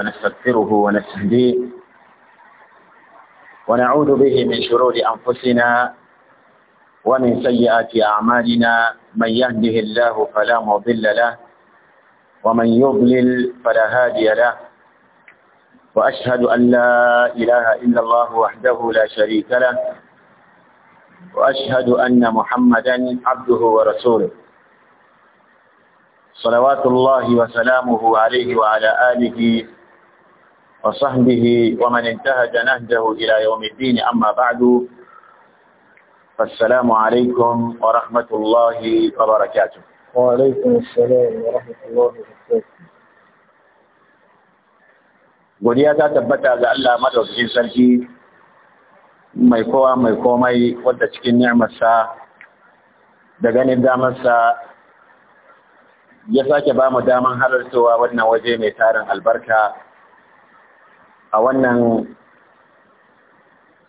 ونستغفره ونستهديه ونعوذ به من شرور أنفسنا ومن سيئات أعمالنا من يهده الله فلا مضل له ومن يضلل فلا هادي له وأشهد أن لا إله إلا الله وحده لا شريك له وأشهد أن محمدا عبده ورسوله صلوات الله وسلامه عليه وعلى آله وصحبه ومن انتهج نهجه إلى يوم الدين أما بعد فالسلام عليكم ورحمة الله وبركاته وعليكم السلام ورحمة الله وبركاته godiya ta tabbata ga Allah madaukakin sarki mai kowa mai komai wadda cikin ni'amarsa da ganin damarsa ya sake ba mu daman halartowa wannan waje mai tarin albarka a wannan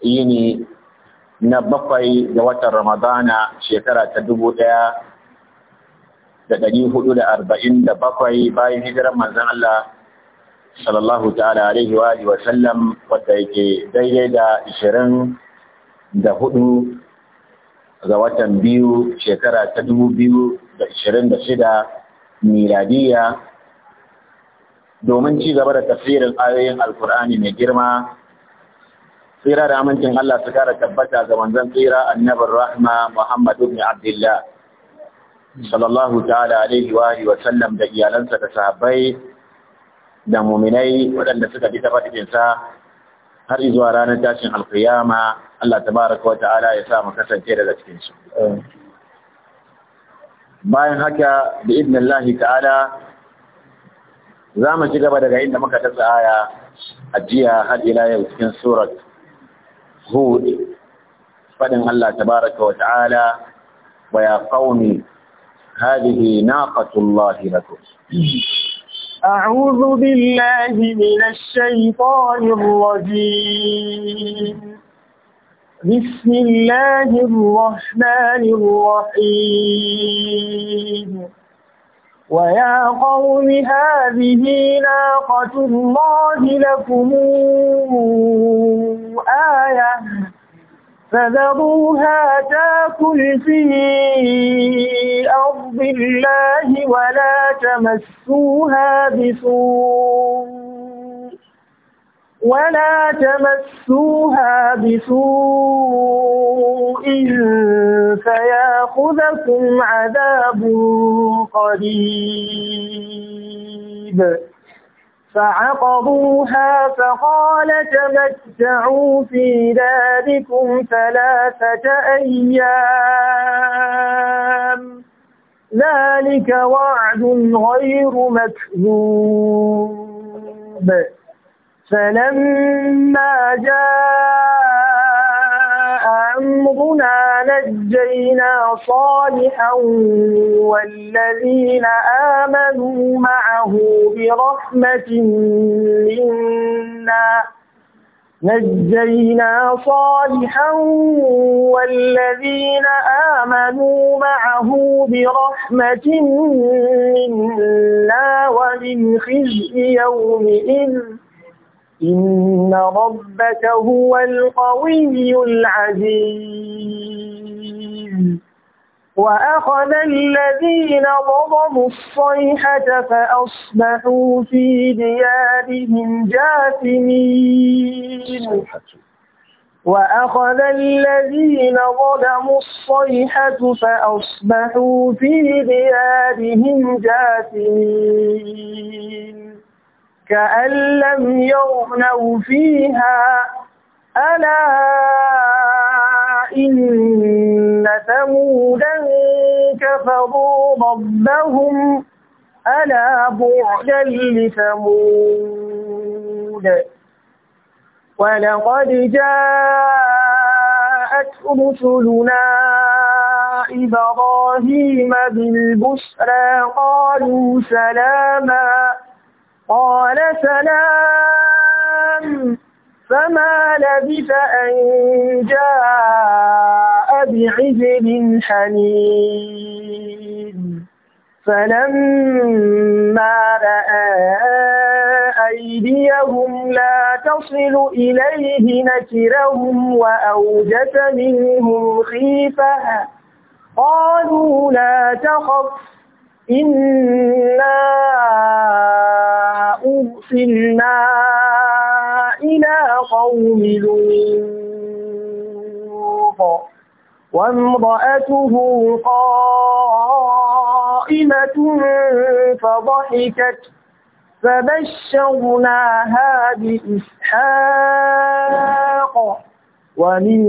yini na bakwai ga watan Ramadana shekara ta dubu ɗaya da ɗari hudu da arba'in da bakwai bayan hijirar manzan Allah sallallahu ta'ala alaihi wa alihi wa sallam wadda yake daidai da ishirin da hudu ga watan biyu shekara ta dubu biyu da ishirin da shida miladiya domin ci gaba da tafsirin ayoyin alkur'ani mai girma tsira da amincin Allah su kara tabbata ga manzon tsira annabin rahma Muhammad ibn Abdullah sallallahu ta'ala alaihi wa alihi wa sallam da iyalansa da sahabbai da muminai waɗanda suka bi ta sa har zuwa ranar tashin alkiyama Allah tabaraka wa ta'ala ya sa mu kasance daga cikin su bayan haka bi idnillahi ta'ala za ci gaba daga inda muka tsaya aya ajiya har ila yau cikin surat hud fadin Allah tabaaraka wa ta'ala wa ya qaumi hadhihi naqatullahi lakum a'udhu billahi minash الشيطان rajeem بسم الله الرحمن الرحيم ويا قوم هذه ناقة الله لكم آية فذروها تاكل في أرض الله ولا تمسوها بسوء ولا تمسوها بسوء فياخذكم عذاب قريب فعقروها فقال تمتعوا في داركم ثلاثة أيام ذلك وعد غير مكذوب فلما جاء أمرنا نجينا صالحا والذين آمنوا معه برحمة منا نجينا صالحا والذين آمنوا معه برحمة منا ومن خزي يومئذ إن ربك هو القوي العزيز وأخذ الذين ظلموا الصيحة فأصبحوا في ديارهم جاثمين وأخذ الذين ظلموا الصيحة فأصبحوا في ديارهم جاثمين كأن لم يغنوا فيها ألا إن ثمودا كفروا ربهم ألا بعدا لثمود ولقد جاءت رسلنا إبراهيم بالبشرى قالوا سلاما قال سلام فما لبث أن جاء بعجل حنين فلما رأى أيديهم لا تصل إليه نكرهم وأوجس منهم خيفة قالوا لا تخف إنا أرسلنا إلى قوم لوط وامرأته قائمة فضحكت فبشرناها بإسحاق ومن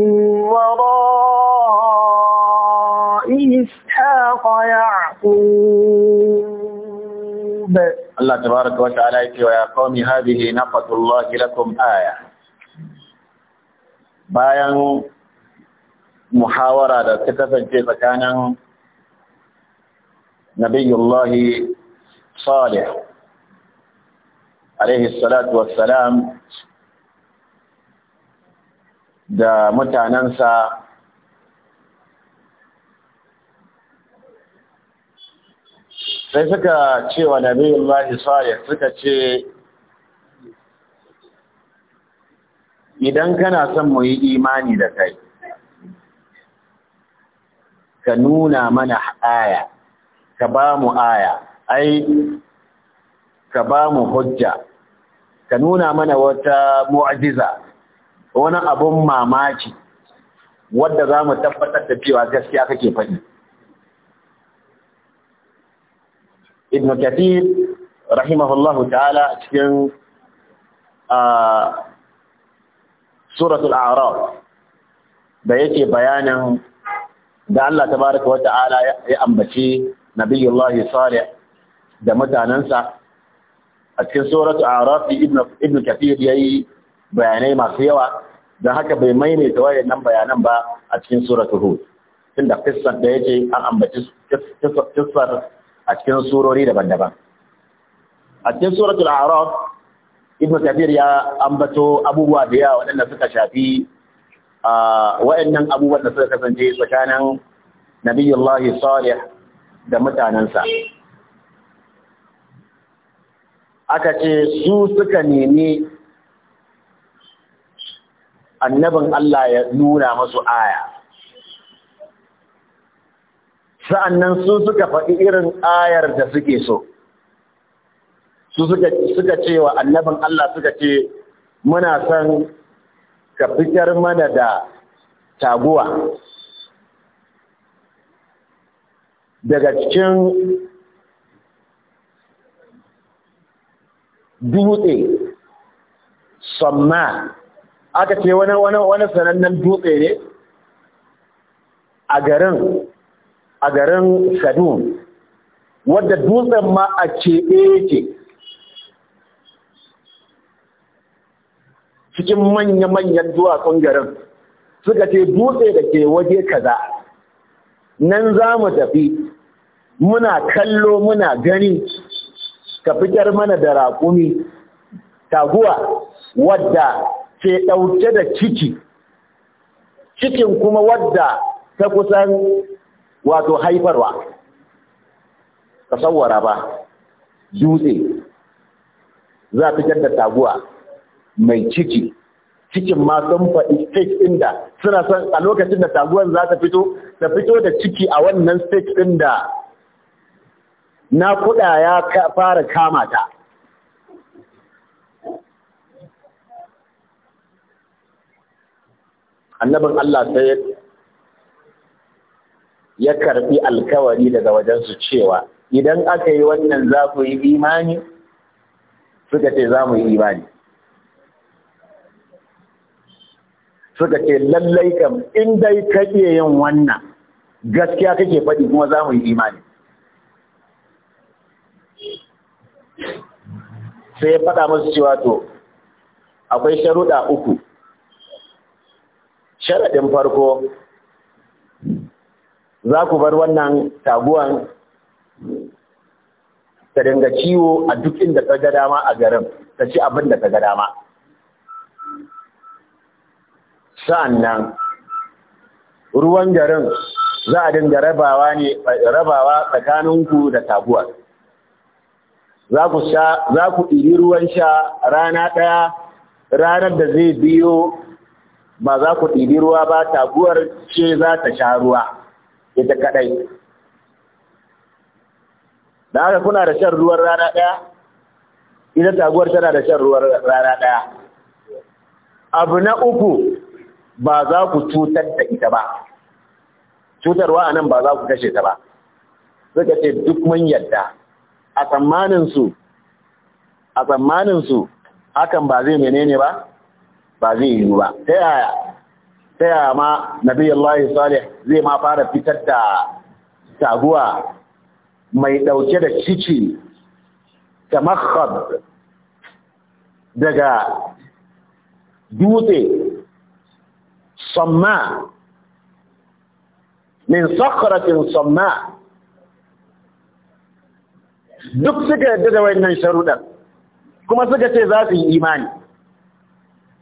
وراء إسحاق يعقوب الله تبارك وتعالى ويا قوم هذه نقة الله لكم آية bayan muhawara da ta kasance tsakanin nabiyullahi salih alaihi salatu wassalam da mutanensa sai suka ce wa nabiyullahi salih suka ce idan kana son mu yi imani da kai ka nuna mana aya ka ba mu aya ai ka ba mu hujja ka nuna mana wata mu'ajiza wani abun mamaki wadda za mu tabbatar da cewa gaskiya kake faɗi. Ibn Kathir rahimahullahu ta'ala cikin suratul a'raf da yake bayanin da Allah tabaraka wa ta'ala ya ambaci nabiyullahi salih da mutanansa a cikin suratul a'raf ibn kathir yayi bayanai masu yawa don haka bai maimaita nan bayanan ba a cikin suratul hud tunda kissar da yake an ambaci kissar a cikin surori daban-daban a cikin suratul a'raf ibnu kabir ya ambato abubuwa da yawa waɗanda suka shafi waɗannan abubuwan da suka kasance tsakanin nabiyullahi salih da mutanensa aka ce su suka nemi annabin Allah ya nuna masu aya sa'annan su suka faɗi irin ayar da suke so su suka ce wa annabin Allah suka ce muna son ka fitar mana da taguwa daga cikin dutse samma aka ce wani sanannen dutse ne a garin a garin Sadun wadda dutsen ma a keɓe yake cikin manya-manyan duwatsun garin suka ce dutse da ke waje kaza nan za mu tafi muna kallo muna gani ka fitar mana da raƙumi taguwa wadda ke ɗauke da ciki cikin kuma wadda ta kusan wato haifarwa ka sawara ba dutse za fitar da taguwa mai ciki cikin ma sun faɗi stage ɗin da suna son a lokacin da taguwan za ta fito ta fito da ciki a wannan stage ɗin da na kuɗa ya fara kama ta annabin Allah sai ya karɓi alkawari daga wajensu cewa idan aka yi wannan za ku yi imani suka ce za mu yi imani suka ce lallai kam in dai kake yin wannan gaskiya kake faɗi kuma za mu yi imani sai ya faɗa musu cewa to akwai sharuɗa uku sharaɗin farko za ku bar wannan taguwan ta dinga ciwo a duk inda ta ga dama a garin ta ci abin da ta ga dama sa'annan ruwan garin za a dinga rabawa ne rabawa tsakaninku da taguwar za ku sha ɗiri ruwan sha rana ɗaya ranar da zai biyo ba za ku ɗibi ruwa ba taguwar ce za ta sha ruwa ita kaɗai. Da haka kuna da shan ruwan rana ɗaya? Ita taguwar tana da shan ruwan rana ɗaya. Abu na uku ba za ku cutar da ita ba. Cutarwa a nan ba za ku kashe ta ba. Suka ce duk mun yadda a tsammaninsu, a tsammaninsu hakan ba zai menene ba? ba zai yiwu ba ta yaya ma nabi salih zai ma fara fitar da taguwa mai ɗauke da ciki ta makhab daga dutse samma min sakharatin samma duk suka yadda da wayannan sharuɗan kuma suka ce za su yi imani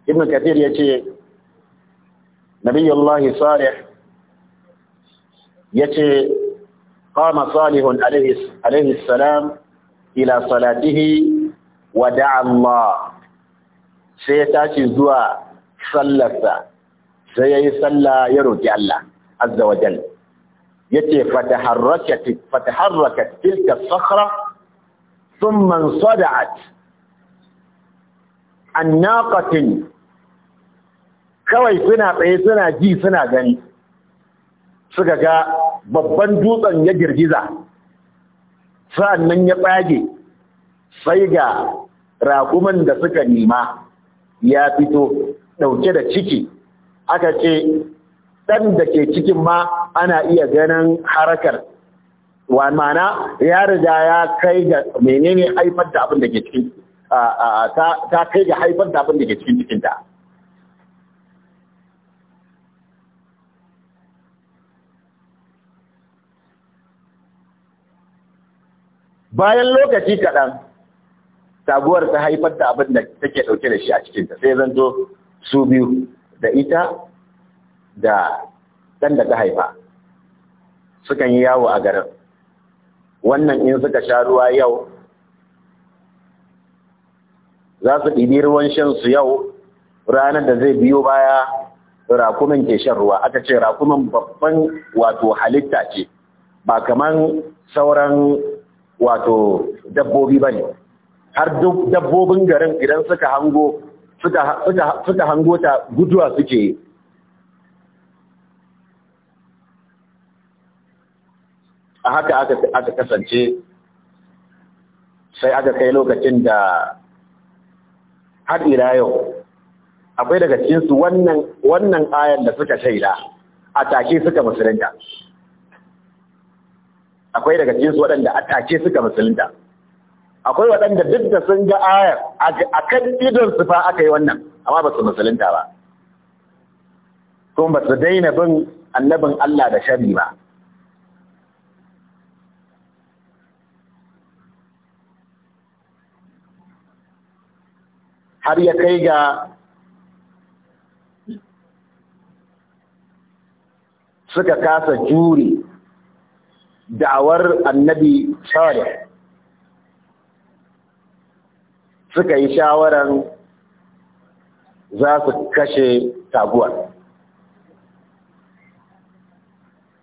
ibn kathir ya ce nabiyullahi salih ya ce qama salihun alaihi salam ila salatihi wa da'a Allah sai ya tashi zuwa sallarsa sai ya yi sallah ya roƙi Allah azza wa jal ya ce fataharrakat tilka sakhra thumma sada'at an naqatin kawai suna tsaye suna ji suna gani suka ga babban dutsen ya girgiza sa'annan ya ɓage, sai ga raƙuman da suka nema ya fito ɗauke da ciki aka ce ɗan da ke cikin ma ana iya ganin harakar wa mana ya riga ya kai ga menene haifar da abin da ke cikin ta kai ga haifar da abin da ke cikin cikinta bayan lokaci kaɗan taguwar ta haifar da abin da take ɗauke da shi a cikinta sai zanto su biyu da ita da ɗan da ta haifa sukan yi yawo a garin wannan in suka sha ruwa yau za su ɗibi ruwan shansu yau ranar da zai biyo baya rakumin ke shan ruwa aka ce rakumin babban wato halitta ce ba kaman sauran wato dabbobi ba ne har duk dabbobin garin idan suka hango suka hango ta guduwa suke a haka aka kasance sai aka kai lokacin da har ila yau akwai daga cikinsu wannan ayan da suka shaida a take suka musulunta akwai daga cikin su waɗanda ce suka musulunta akwai waɗanda duk da sun ga ayar a kan idon su fa aka yi wannan amma ba su musulunta ba kuma ba su daina bin annabin Allah da shari ba har ya kai ga suka kasa jure da'awar annabi Salih suka yi shawaran za su kashe taguwar.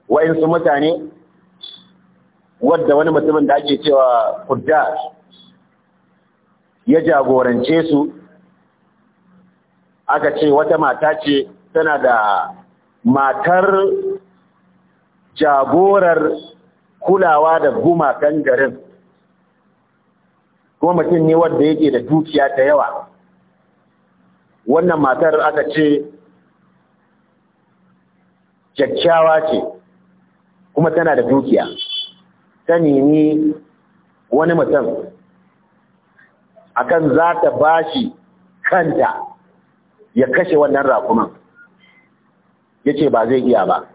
Wa'insu mutane, wadda wani mutumin da ake cewa kudda ya jagorance su, aka ce wata mata ce tana da matar jagorar kulawa da gumakan garin kuma mutum ne wanda yake da dukiya ta yawa wannan matar aka ce kyakkyawa ce kuma tana da dukiya ta nemi wani mutum akan za ta bashi kanta ya kashe wannan rakuman ya ce ba zai iya ba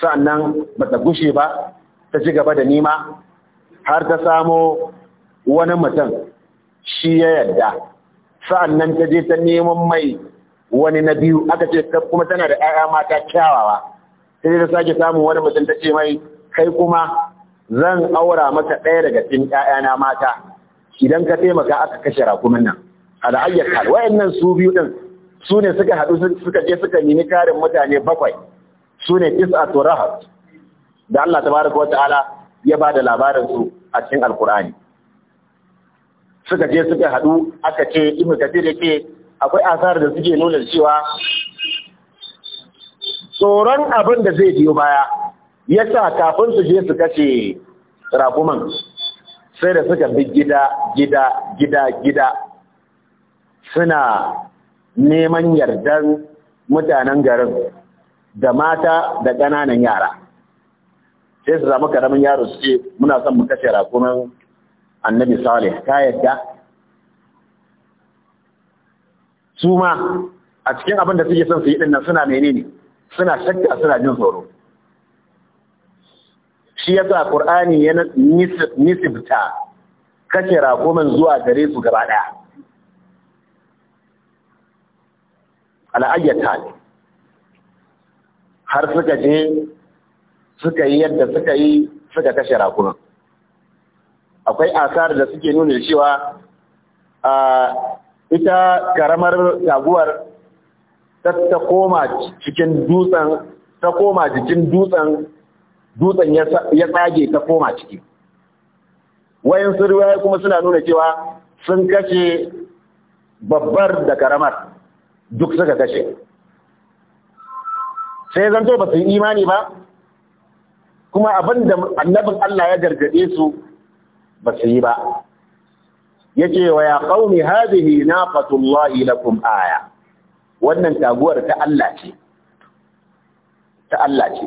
sannan ba ta gushe ba ta ci gaba da nima har ta samo wani mutum shi ya yadda sa'an nan ta je ta neman mai wani na biyu aka ce kuma tana da ‘ya'ya mata kyawawa ta je ta sake samun wani mutum ta ce mai kai kuma zan aura maka ɗaya daga cikin ‘ya'yana mata idan ka taimaka aka kashe rakumin nan al'ayyar kal wayannan su biyu din su ne suka haɗu suka je suka nemi karin mutane bakwai su ne is'atu rahat da Allah tabaraka wata'ala ya ba da labarin su a cikin alkur'ani suka je suka haɗu aka ce ibnu kathir yake akwai asar da suke nuna cewa tsoron abin da zai biyo baya ya sa kafin su je su kashe rakuman sai da suka bi gida gida gida gida suna neman yardan mutanen garin da mata da ƙananan yara sai su zama karamin yaro su ce muna son mu kashe rakunan annabi salih ta yadda su ma a cikin abin da suke son su yi ɗin nan suna menene suna shakka suna jin tsoro shi ya sa ƙur'ani ya nisibta kashe rakunan zuwa gare su gaba ɗaya. al'ayyata har suka je suka yi yadda suka yi suka kashe rakunan akwai asar da suke nuna cewa ita karamar taguwar ta koma cikin dutsen ta koma jikin dutsen dutsen ya tsage ta koma ciki wayan riwaya kuma suna nuna cewa sun kashe babbar da karamar duk suka kashe sai zanto ba su yi imani ba kuma abin da annabin Allah ya gargaɗe su ba su yi ba yace wa ya qaumi hadhihi naqatullahi lakum aya wannan taguwar ta Allah ce ta Allah ce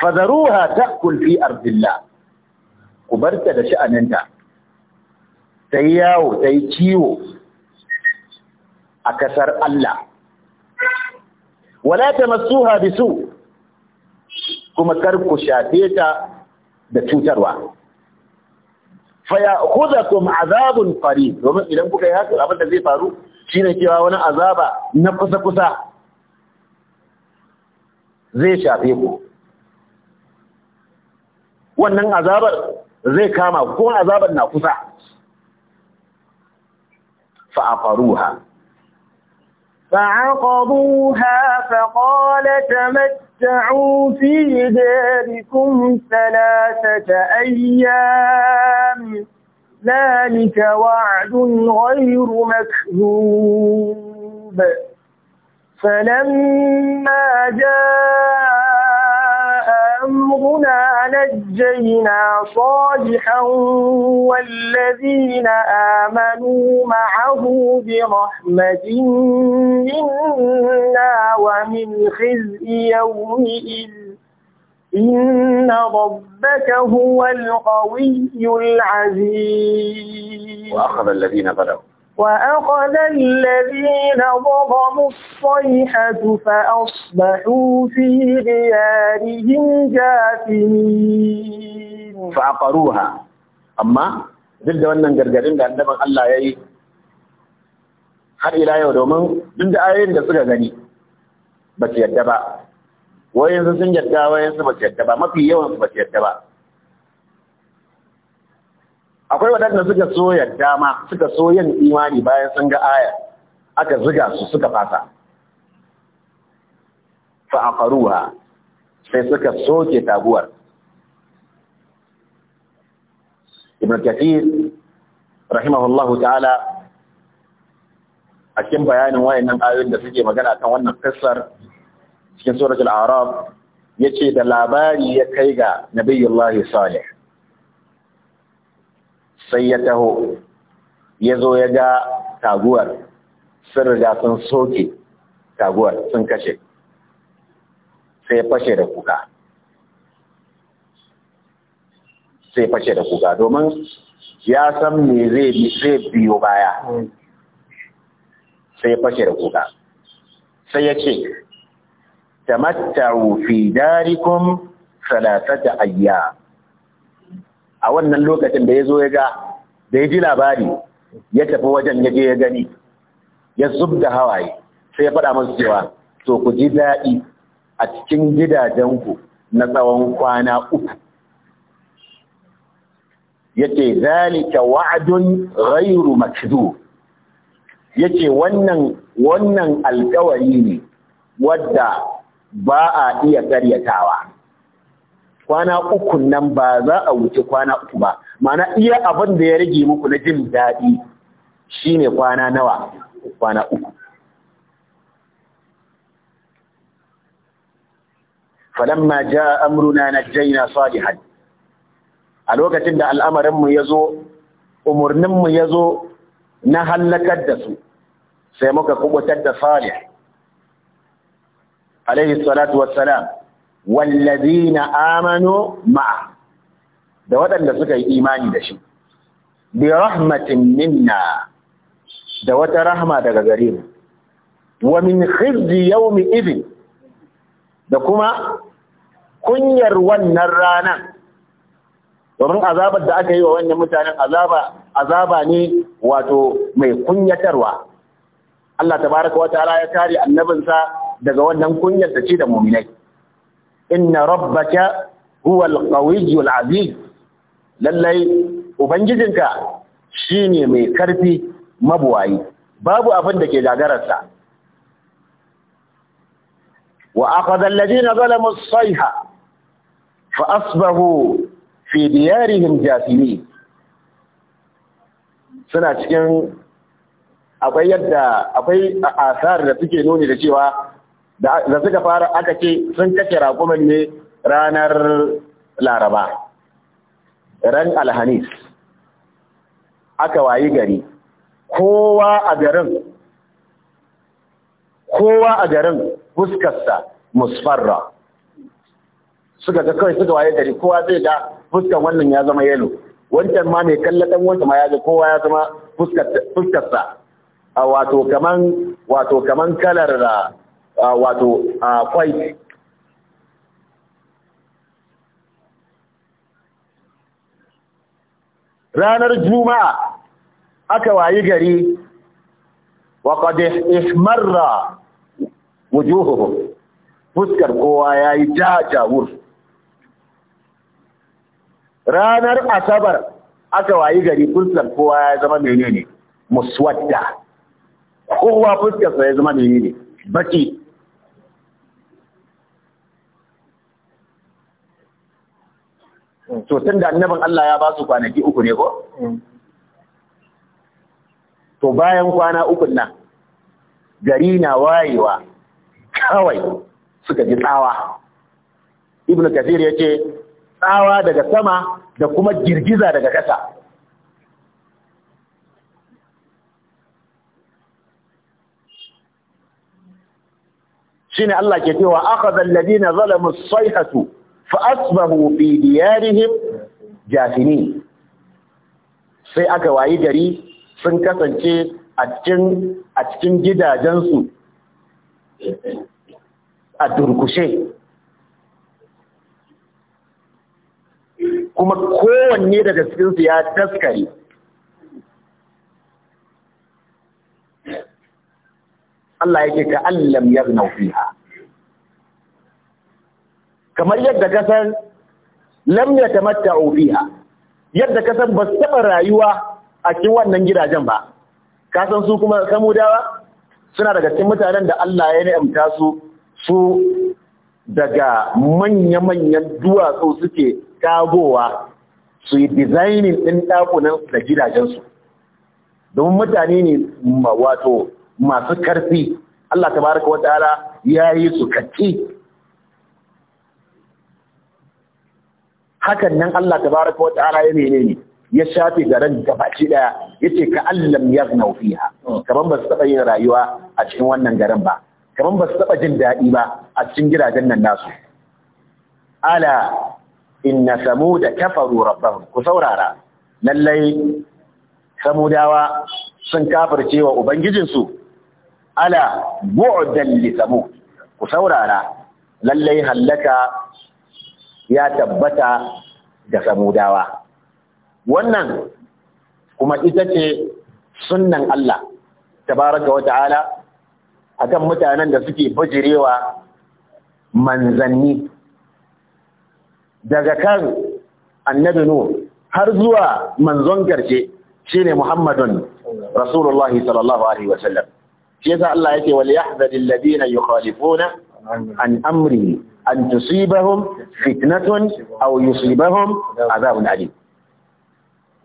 fadaruha ku barta da sha'aninta ta yi yawo ta yi ciwo a ƙasar Allah wala tamassuha bisu kuma kar ku shafe ta da cutarwa fa ya'khudhukum azabun qarib domin idan kuka yi haka abin da zai faru shine cewa wani azaba na kusa kusa zai shafe ku wannan azabar zai kama kuma azabar na kusa fa afaruha فعقضوها فقال تمتعوا في داركم ثلاثة أيام ذلك وعد غير مكذوب فلما جاء أمرنا نجينا صالحا والذين آمنوا معه برحمة منا ومن خزي يومئذ إن ربك هو القوي العزيز وأخذ الذين ظلموا وأخذ الذين ظلموا الصيحة فأصبحوا في ديارهم جاثمين فعقروها أما ضد wannan gargadin da annaban Allah yayi har ila yau domin duk da ayoyin da suka gani ba su yadda ba wayansu sun yadda wayansu ba su yadda ba mafi yawan su ba su yadda ba akwai waɗanda suka so yadda ma suka so yin imani bayan sun ga aya aka ziga su suka fasa fa aqaruha sai suka soke taguwar ibn kathir rahimahullahu ta'ala a cikin bayanin wayannan ayoyin da suke magana kan wannan kissar cikin suratul a'raf yace da labari ya kai ga nabiyullahi salih sai ya taho ya zo ya ga taguwar sun riga sun soke taguwar sun kashe sai ya fashe da kuka sai fashe da kuka domin ya san me zai biyo baya sai fashe da kuka sai ya ce tamattaru fi darikun salatata ayya a wannan lokacin da ya zo ya ga da ya ji labari ya tafi wajen ya je ya gani ya zub da hawaye sai ya faɗa masu cewa to ku ji daɗi a cikin gidajenku na tsawon kwana uku Ya yace zalika wa'adun rairu makidu? yace wannan wannan alƙawari ne wadda ba a iya karyatawa kwana uku nan ba za a wuce kwana uku ba mana iya abin da ya rage muku na jin daɗi shine kwana nawa kwana uku falamma ja amruna na najjayna salihan a lokacin da al'amarinmu ya zo, umarninmu ya zo na hallakar da su sai muka kubutar da salih alaihi salatu wassalam na amanu ma'a da waɗanda suka yi imani da shi bi rahmatin minna da wata rahma daga gare mu wa min khizyi yawmi idin da kuma kunyar wannan ranan domin azabar da aka yi wa wannan mutanen azaba azaba ne wato mai kunyatarwa Allah tabaraka wa ta'ala ya kare annabinsa daga wannan kunyar da ci da mu'minai inna rabbaka huwa al-qawiyyu al-aziz lallai ubangijinka shine mai karfi mabuwayi babu abin da ke gagararsa wa aqada alladhina zalamu as-sayha fa asbahu fi diyarihim jathimin suna cikin akwai yadda akwai asar da suke nuni da cewa da suka fara aka ce sun kashe raƙumin ne ranar laraba ran Alhanis, aka wayi gari kowa a garin kowa a garin fuskarsa musfarra suka ga kawai suka waye gari kowa zai ga fuskar wannan ya zama yalo wancan ma mai kallatan wancan ma ya ga kowa ya zama fuskarsa a wato kaman wato kaman kalar wato kwai ranar juma'a aka wayi gari wa qad ihmarra wujuhu fuskar kowa ya yayi jajawur ranar asabar aka wayi gari fuskar kowa ya zama menene muswadda kowa fuskar sa ya zama menene baki to tun da annabin Allah ya ba su kwanaki uku ne ko mm. to bayan kwana uku nan gari na wayewa kawai suka ji tsawa ibn kathir yace tsawa daga sama da kuma girgiza daga ƙasa shine Allah ke cewa akhadha alladhina zalamu as-sayhatu فأصبحوا في ديارهم جاثمين sai aka wayi gari sun kasance a cikin gidajensu a durkushe kuma kowanne daga cikinsu ya taskare Allah yake ka allam ya fiha kamar yadda kasan lam mata ofiya, yadda kasan ba su taɓa rayuwa a cikin wannan gidajen ba kasan su kuma samudawa suna daga cikin mutanen da Allah ya ni'amta su su daga manya-manyan duwatsu suke kagowa su yi dizainin ɗin ɗakunan da gidajensu domin mutane ne wato masu karfi Allah tabaraka wa ta'ala ya yi su kacce hakan nan Allah tabaraka wa ta'ala ya menene ya shafe garin gabaci daya yace ka allam yaznau fiha kaman ba su taba yin rayuwa a cikin wannan garin ba kaman ba su taba jin daɗi ba a cikin gidajen nan nasu ala inna samuda kafaru rabbahum ku saurara lallai samudawa sun kafirce wa ubangijinsu ala bu'dan li samud ku saurara lallai hallaka ya tabbata da samudawa wannan kuma ita ce sunnan Allah tabaraka wa ta'ala akan mutanen da suke bajirewa manzanni daga kan annabi nu har zuwa manzon karshe shine Muhammadun Rasulullahi sallallahu alaihi wasallam shi yasa Allah yake wal yahzaril ladina yukhalifuna an amri an tusibahum fitnatun aw yusibahum azabun alim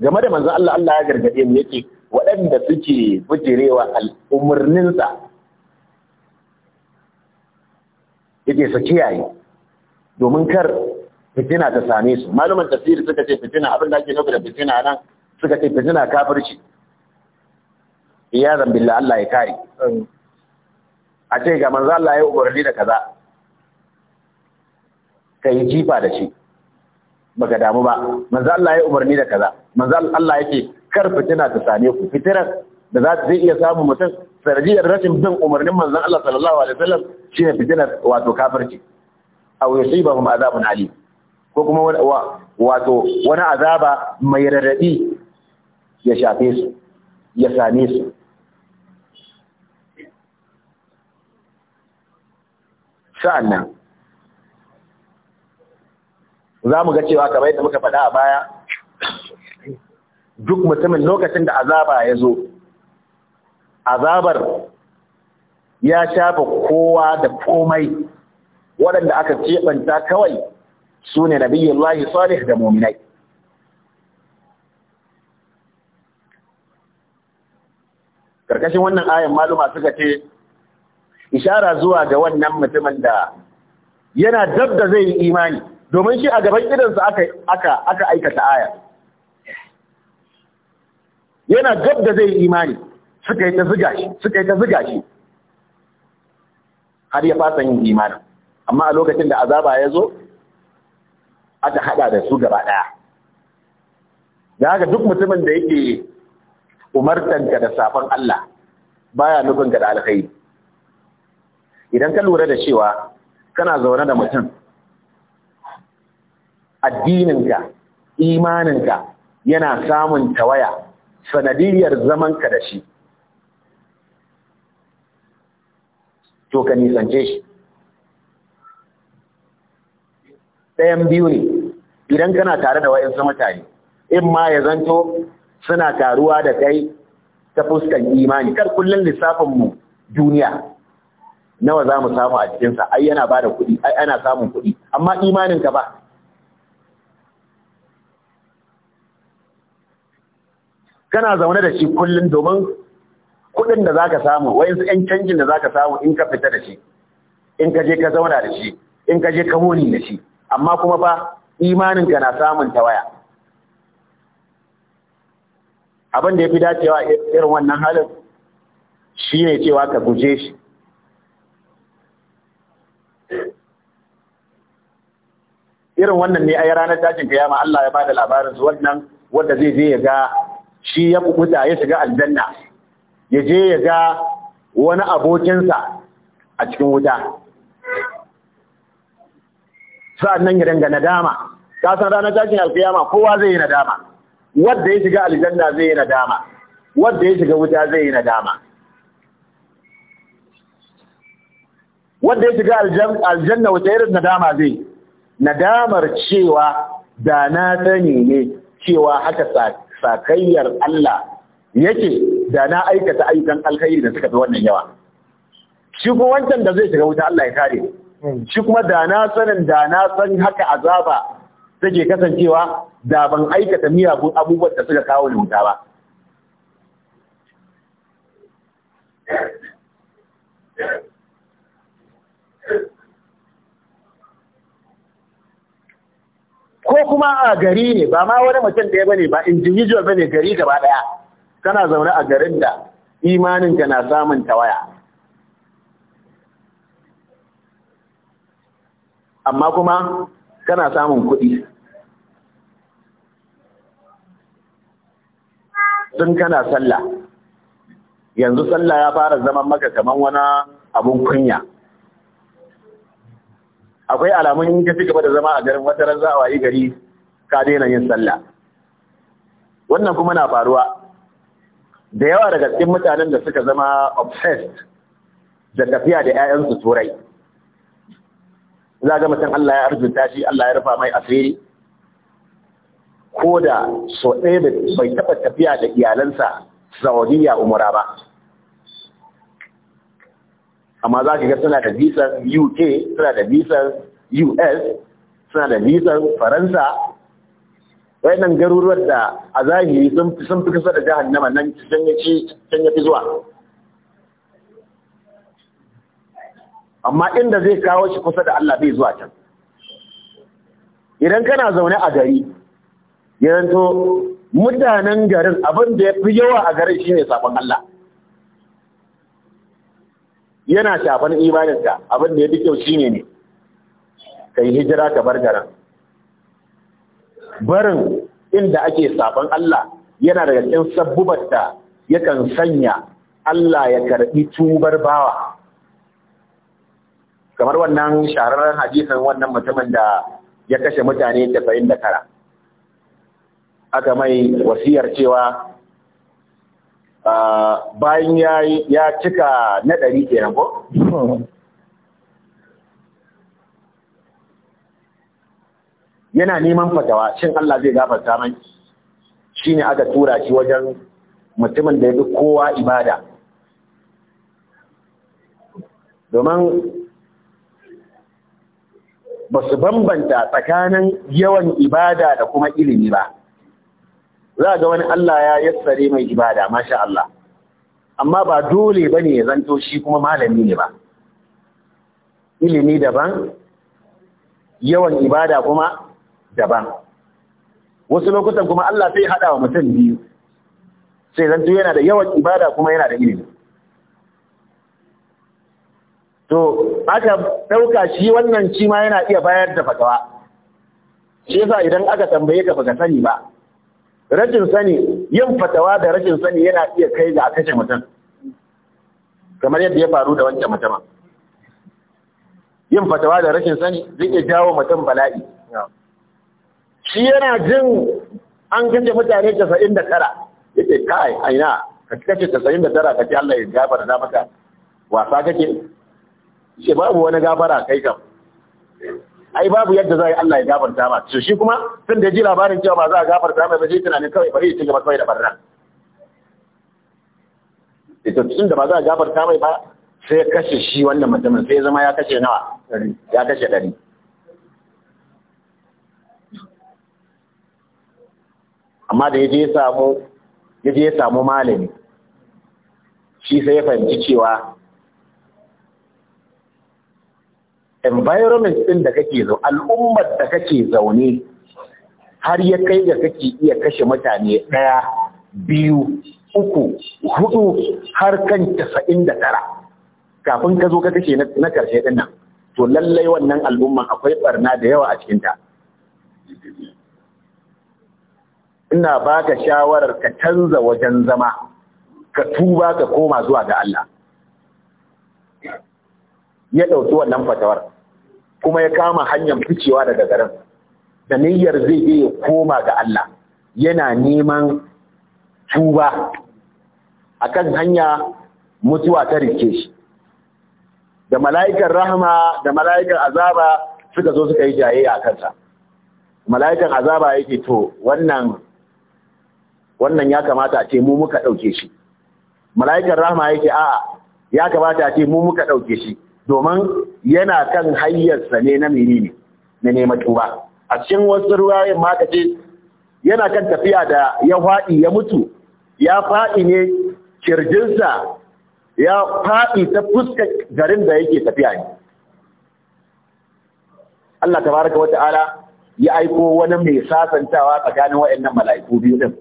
game da manzon Allah Allah ya gargade mu yake waɗanda suke bujirewa sa yake su kiyaye domin kar fitina ta same su malaman tafsiri suka ce fitina abin da ake nufi da fitina nan suka ce fitina kafirci iyazan billah Allah ya kare a ce ga manzo Allah ya umarni da kaza ka yi jifa da shi ba ka damu ba manzo Allah ya umarni da kaza manzo Allah yake kar fitina ta same ku fitinar da za ta iya samu mutum sarjiyar rashin bin umarnin manzo Allah sallallahu alaihi wasallam shine fitinar wato kafirci aw yusibahum azabun alim ko kuma wato wani azaba mai radadi ya shafe su ya same su sa'annan za mu ga cewa kamar yadda muka faɗa a baya duk mutumin lokacin da azaba ya zo azabar ya shafa kowa da komai waɗanda aka keɓanta kawai su ne lahi salih da muminai ƙarƙashin wannan ayan maluma suka ce ishara zuwa ga wannan mutumin da yana dab da zai yi imani domin shi a gaban idansu aka aikata aya yana gab da zai imani suka yi ta ziga shi suka yi ta ziga shi har ya fasa yin imani amma a lokacin da azaba ya zo aka hada da su gaba daya da haka duk mutumin da yake umartanka da safon Allah baya nufin ga da idan ka lura da cewa kana zaune da mutum addininka imaninka yana samun tawaya sanadiyar zamanka da shi to ka nisance shi ɗayan biyu ne idan kana tare da wa'insu mutane in ma ya zanto suna taruwa da kai ta fuskan imani kar kullum lissafinmu duniya nawa za mu samu a cikinsa ai yana ba da kuɗi ai ana samun kuɗi amma imaninka ba kana zaune da shi kullum domin kuɗin da zaka samu wayansu ƴan canjin da zaka samu in ka fita da shi in ka je ka zauna da shi in ka je ka muni da shi amma kuma fa imanin ka na samun tawaya abin da yafi dacewa irin wannan halin shine cewa ka guje shi irin wannan ne yi ranar tashin kiyama Allah ya bada labarin su wannan wanda zai je ya ga shi ya kukuta ya shiga aljanna ya je ya ga wani abokinsa a cikin wuta sa'annan ya danga nadama ka san ranar tashin alkiyama kowa zai yi nadama Wadda ya shiga aljanna zai yi nadama Wadda ya shiga wuta zai yi nadama Wadda ya shiga aljanna wuta irin nadama zai nadamar cewa da na sani ne cewa haka sakayyar Allah yake da na aikata ayyukan alkhairi da suka fi wannan yawa shi kuma wancan da zai shiga wuta Allah ya kare shi kuma da na sanin da na san haka azaba take kasancewa da ban aikata miyagun abubuwan da suka kawo ni wuta ba Yeah. ko kuma a gari ne ba ma wani mutum ɗaya bane ba individual bane gari gaba ɗaya kana zaune a garin da ka na samun tawaya amma kuma kana samun kuɗi sun kana sallah yanzu sallah ya fara zaman maka kamar wani abun kunya akwai alamun in ka ci gaba da zama a garin wata ran a wayi gari ka daina yin sallah wannan kuma na faruwa da yawa daga cikin mutanen da suka zama obsessed da tafiya da 'ya'yansu turai za mutum Allah ya arzuta shi Allah ya rufa mai asiri ko da so ɗaya bai taɓa tafiya da iyalansa Saudiya umara ba amma za ka ga suna da visar uk suna da visar us suna da visar faransa wayannan garuruwar da a zahiri sun fi kusa da jahannama nan can ya fi zuwa amma inda zai kawo shi kusa da Allah bai zuwa can idan kana zaune a gari yanzu mutanen garin abin da ya fi yawa a garin shine sabon Allah yana shafan imaninka abin da ya fi kyau shine ne ka yi hijira ka bar garin barin inda ake saban Allah yana daga cikin sabbubar da yakan sanya Allah ya karɓi tubar bawa kamar wannan shahararren hadisin wannan mutumin da ya kashe mutane 99 aka mai wasiyar cewa bayan ya cika na ɗari ke ko? yana neman fatawa shin Allah zai gafarta mai ne aka tura shi wajen mutumin da ya kowa ibada domin ba su bambanta tsakanin yawan ibada da kuma ilimi ba za ga wani Allah ya yassare mai ibada masha Allah amma ba dole bane ya zanto shi kuma malami ne ba ilimi daban yawan ibada kuma daban wasu lokutan kuma Allah sai hada wa mutum biyu sai zanto yana da yawan ibada kuma yana da ilimi to aka dauka shi wannan shi ma yana iya bayar da fatawa shi yasa idan aka tambaye ka baka sani ba rashin sani yin fatawa da rashin sani yana iya kai ga a kashe mutum kamar yadda ya faru da wancan mutumin yin fatawa da rashin sani zai iya jawo mutum bala'i shi yana jin an kashe mutane 99 yake kai aina ka kashe 99 kace Allah ya gafara da maka wasa kake shi babu wani gafara kai kam ai babu yadda za Allah ya gafarta ma to shi kuma tun da ji labarin cewa ba za a gafarta mai ba sai tunanin kawai bari ya ci gaba kawai da barna ita eh, tun da ba za a gafarta mai ba sai ya kashe shi wannan mutumin sai ya zama ya kashe nawa ya kashe ɗari amma da yaje ya samu yaje ya samu malami shi sai ya fahimci cewa environment ɗin da kake zaune al'ummar da kake zaune har ya kai ga kake iya kashe mutane ɗaya biyu uku hudu har kan casa'in da tara kafin ka zo ka kashe na karshe ɗin nan to lallai wannan al'umma akwai barna da yawa a cikin ta. ina baka shawarar ka canza wajen zama ka tuba ka koma zuwa ga Allah ya ɗauki wannan fatawar kuma ya kama hanyar ficewa daga garin da niyyar zai iya koma ga Allah yana neman tuba akan hanya mutuwa ta rike shi da mala'ikan rahama da mala'ikan azaba suka zo suka yi jayayya a kansa mala'ikan azaba yake to wannan wannan ya kamata a ce mu muka ɗauke shi mala'ikan rahama yake a'a ya kamata a ce mu muka ɗauke shi domin yana kan hanyarsa ne na menene na neman tuba a cikin wasu ruwayen ma yana kan tafiya da ya faɗi ya mutu ya faɗi ne kirjinsa ya faɗi ta fuskar garin da yake tafiya ne Allah Ta tabaraka wa ta'ala ya aiko wani mai sasantawa tsakanin waɗannan mala'iku biyu ɗin,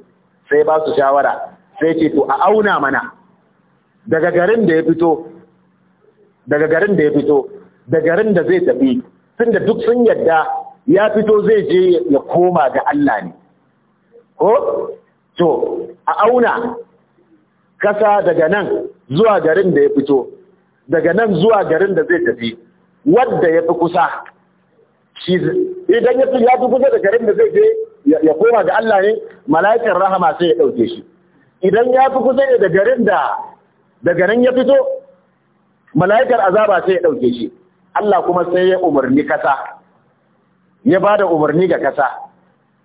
sai ba su shawara sai ce to a auna mana daga garin da ya fito daga garin da ya fito da garin da zai tafi da duk sun yadda ya fito zai je ya koma ga Allah ne ko to a auna kasa daga nan zuwa garin da ya fito daga nan zuwa garin da zai tafi wadda ya fi kusa shi idan ya fi ya fi kusa da garin da zai je ya koma ga Allah ne mala'ikar rahama sai ya ɗauke shi idan ya fi kusa ne da garin da daga nan ya fito mala'ikar azaba sai ya ɗauke shi Allah kuma sai ya umarni kasa ya ba da umarni ga kasa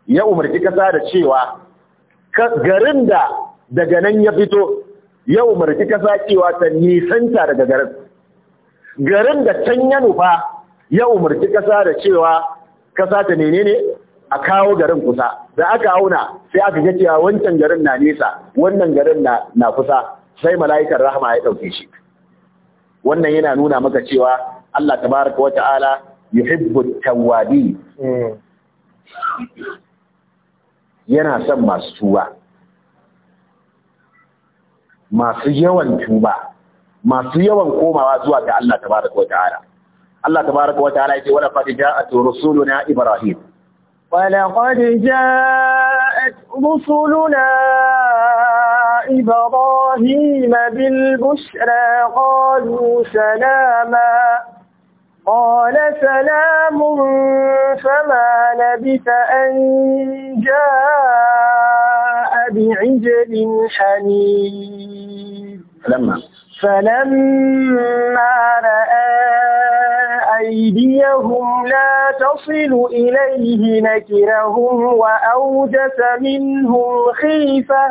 ya umarci kasa da cewa garin da daga nan ya fito ya umarci kasa cewa ta nisanta daga garin garin da can ya nufa ya umarci kasa da cewa kasa ta ne a kawo garin kusa da aka auna sai aka ga cewa wancan garin na nesa wannan garin na kusa sai mala'ikar rahama ya ɗauke shi wannan yana nuna maka cewa Allah tabaraka wa ta'ala yuhibbu tawwabi hmm. yana son masu tuba masu yawan tuba masu yawan komawa zuwa ga Allah tabaraka wa ta'ala Allah tabaraka wa ta'ala yace wala qad ja'at rusuluna ibrahim wala qad ja'at rusuluna إبراهيم بالبشرى قالوا سلاما قال سلام فما لبث أن جاء بعجل حنيف لما فلما رأى أيديهم لا تصل إليه نكرهم وأوجس منهم خيفة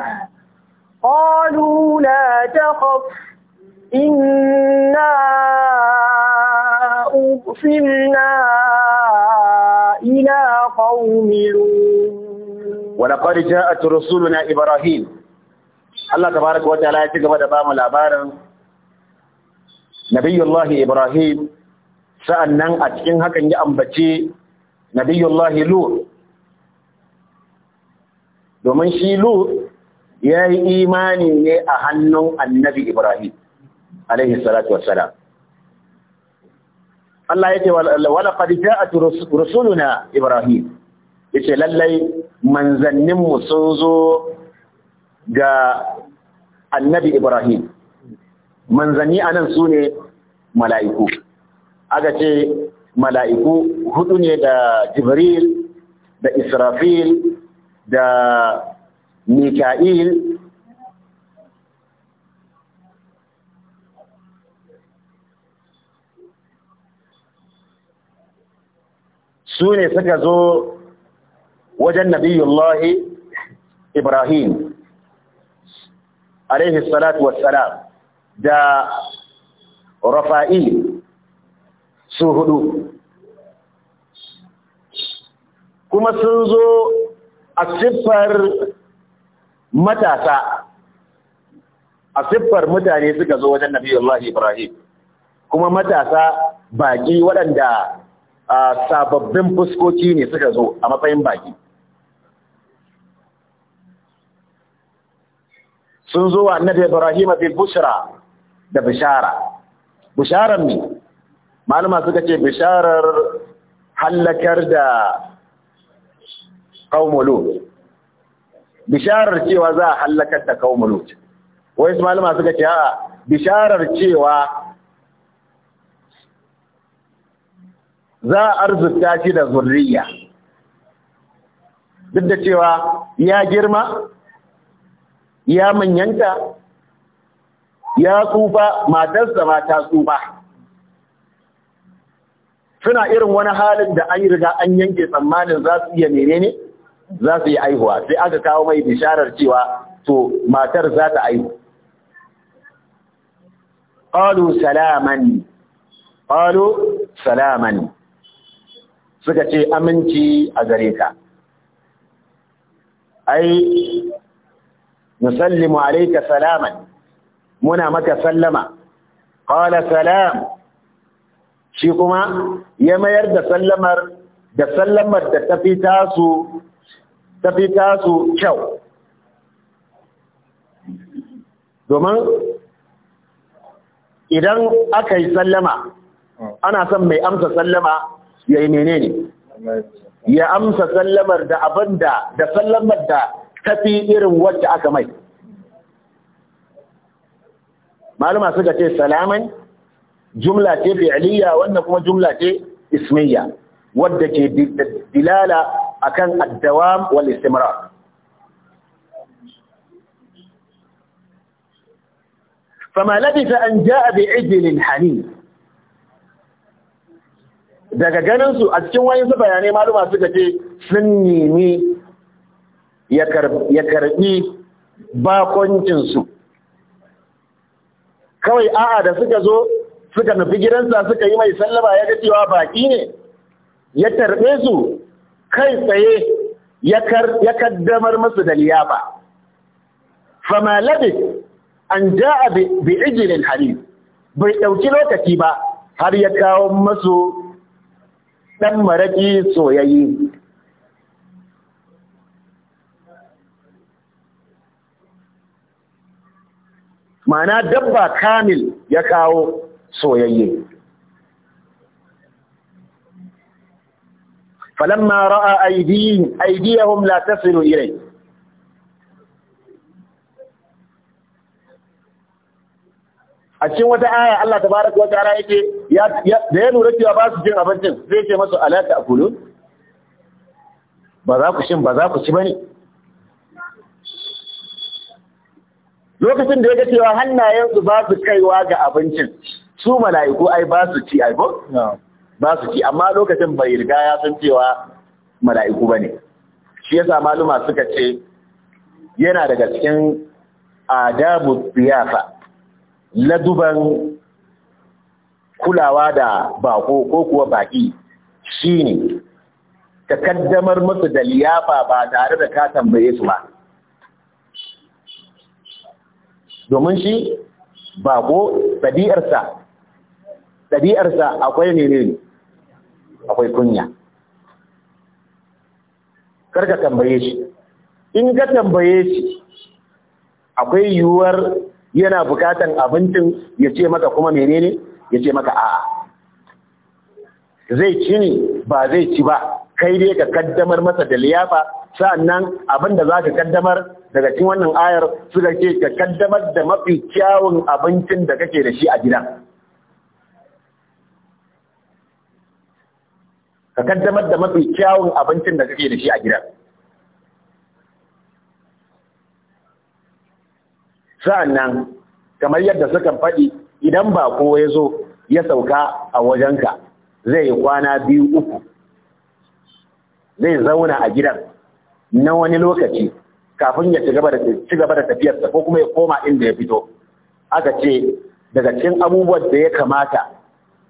قالوا لا تخف إنا أرسلنا إلى قوم ولقد جاءت رسولنا إبراهيم الله تبارك وتعالى يتقبل بام الأبار نبي الله إبراهيم sa'annan a cikin hakan ya ambace nabiyullahi lut domin shi lut ya yi imani ne a hannun annabi Ibrahim, alaihi salatu wassalam. Allah ya ce, wala fadita a rusuluna Ibrahim, ya ce lallai manzanninmu sun zo ga annabi Ibrahim. Manzanni a nan su ne mala'iku. Aga ce, mala'iku hudu ne da Jibril, da Israfil, da ميكائيل سوني سكزو وجن نبي الله إبراهيم عليه الصلاة والسلام دا رفائيل سوهدو كما سنزو السفر matasa a siffar mutane suka zo wajen Allah, Ibrahim kuma matasa baki waɗanda sababbin fuskoki ne suka zo a matsayin baki sun zo wa annabi Ibrahim bil bushra da bishara bisharar ne malama suka ce bisharar hallakar da qaumul bisharar cewa za a hallakar da kaumul wai su malama suka ce a'a bisharar cewa za a arzuta shi da zurriya duk da cewa ya girma ya manyanta ya tsufa matarsa ma ta tsufa suna irin wani halin da an yi riga an yanke tsammanin za su iya menene za su yi aihuwa sai aka kawo mai bisharar cewa to matar za ta aihu qalu salaman qalu salaman suka ce aminci a gare ka ai musallimu alayka salaman muna maka sallama qala salam shi kuma ya mayar da sallamar da sallamar da tafi tasu ta fi tasu kyau domin idan aka yi sallama ana son mai amsa sallama ya yi menene ya amsa sallamar da abin da da sallamar da tafi irin wacce aka mai maluma suka ce salaman jumla ce fi'liya wannan kuma jumla ce ismiya wadda ke dilala akan addawam dawam wal istimrar fama labisa an ja'a bi ijlin halim daga ganin su a cikin wani bayanai maluma suka ce sun nemi ya karbi bakoncin su kawai a'a da suka zo suka nufi gidansa suka yi mai sallaba ya ga cewa baki ne ya tarbe su kai tsaye ya kaddamar masu da liyafa fama labe an ja'a bi ijirin hari bai ɗauki lokaci ba har ya kawo masu ɗan maraƙi soyayye mana dabba kamil ya kawo soyayye فلما رأى أيديهم أيديهم لا تصل إليه a cikin wata aya Allah tabaraka wataala yake da ya lura cewa ba su jin abincin zai ce masu alaka a Kulu? ba za ku shin ba za ku ci ba ne lokacin da ya ga cewa hannayensu ba su kaiwa ga abincin su mala'iku ai ba su ci ai ba ba su ci amma lokacin bai riga ya san cewa mala'iku ba ne shi yasa maluma suka ce yana daga cikin adabu ziyafa laduban kulawa da bako ko kuwa baki shine ka kaddamar musu da liyafa ba tare da ka tambaye su ba domin shi bako ɗabi'arsa ɗabi'arsa akwai ne ne akwai kunya karka tambaye shi in ka tambaye shi akwai yiwuwar yana bukatan abincin ya ce maka kuma menene ya ce maka a'a zai ci ne ba zai ci ba kai dai ka kaddamar masa da liyafa sa'annan abin da za ka kaddamar daga cikin wannan ayar suka ce ka kaddamar da mafi kyawun abincin da kake da shi a gidan ka kaddamar da mafi kyawun abincin da kake da shi a gida sa'annan kamar yadda suka faɗi idan ba bako ya zo ya sauka a wajenka zai yi kwana biyu uku zai zauna a gidan na wani lokaci kafin ya ci gaba da tafiyarsa ko kuma ya koma inda ya fito aka ce daga cikin abubuwan da ya kamata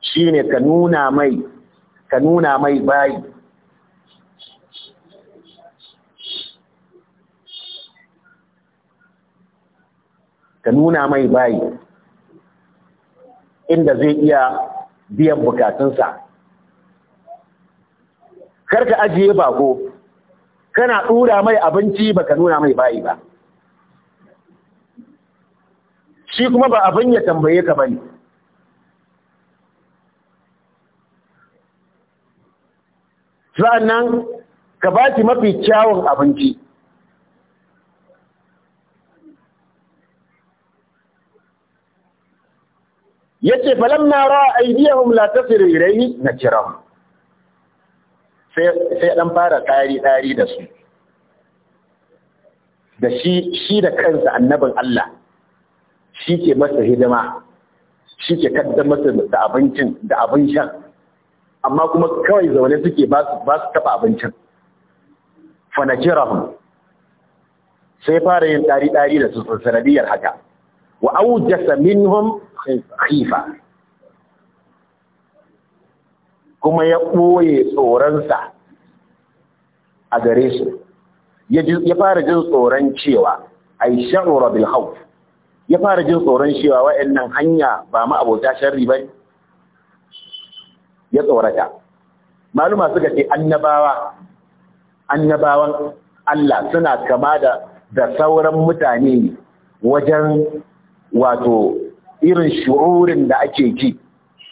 shi ne ka nuna mai ka nuna mai bayi ka nuna mai bayi inda zai iya biyan bukatunsa ka ajiye bako kana ɗura mai abinci baka nuna mai bayi ba shi kuma ba abin ya tambaye ka bane nan, ka ba ki mafi kyawun abinci Ya yace falamma ra aydiyahum la ta ilayhi na sai sai ɗan fara tsari tsari da su da shi da kansa annabin Allah shi ke masa hidima shi ke kaddamar masa da abincin da abin shan amma kuma kawai zaune suke ba su taɓa abincin fanakirahum sai fara yin ɗari-ɗari da su sanadiyar haka wa aujasa minhum khifa kuma ya ɓoye tsoronsa a gare su ya fara jin tsoron cewa ai sha'ura bil Hau, ya fara jin tsoron cewa wa'annan hanya ba ma abota sharri ne? ya tsorata maluma suka ce annabawa annabawan Allah suna kama da da sauran mutane wajen wato irin shu'urin da ake ji